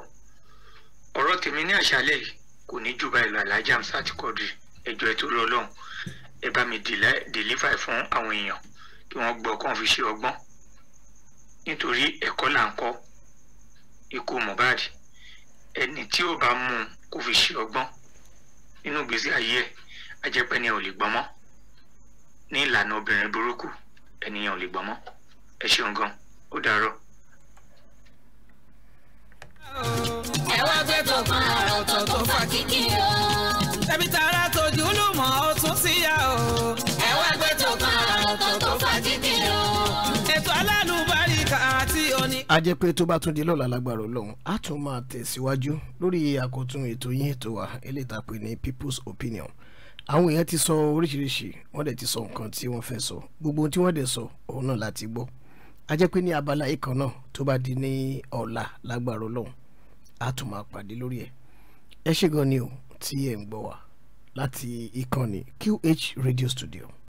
ọ̀rọ̀ tèmi ní àṣálẹ́ yìí kò ní jù báyìí lọ Alhaji Hamzat Quadri ẹ ẹ tó lọ lọ́hùn ẹ bá mi dìlífà fún àwọn èèyàn kí wọ́n gbọ́ kó fi ṣe ọgbọ́n nítorí ẹ̀kọ́ là ń kọ́ ikú Mohbad ẹni tí ò bá mú un kó fi ṣe ọgbọ́n nínú ìgbésí ayé ẹ̀ ajẹ́pẹ́ ni ò lè gbọ́n mọ́ ní ìlànà obìnrin burúkú ènìyàn ò lè gbọ́n ẹ ṣeun gan ó dàárọ̀. ẹ wá gbé tó kan àrà ọ̀tọ̀ tó fa kíkì o. a jẹ́ pé tó bá tún di lọ́la lágbára Ọlọ́run á tún máa tẹ̀síwájú lórí àkótún ètò yín ètò wa eléyìí ní people's opinion àwọn èèyàn ti sọ oríṣiríṣi wọ́n dẹ̀ ti sọ nǹkan tí wọ́n fẹ́ sọ gbogbo tí wọ́n dẹ̀ sọ òun náà láti gbọ́ a pé ní abala yìí kan náà tó bá di ní ọ̀la lágbára Ọlọ́run á tún máa pàdé lórí ẹ̀ ẹ ṣé gan ni o tí ẹ̀ ń gbọ́ wa láti ìkànnì QH Radio Studio.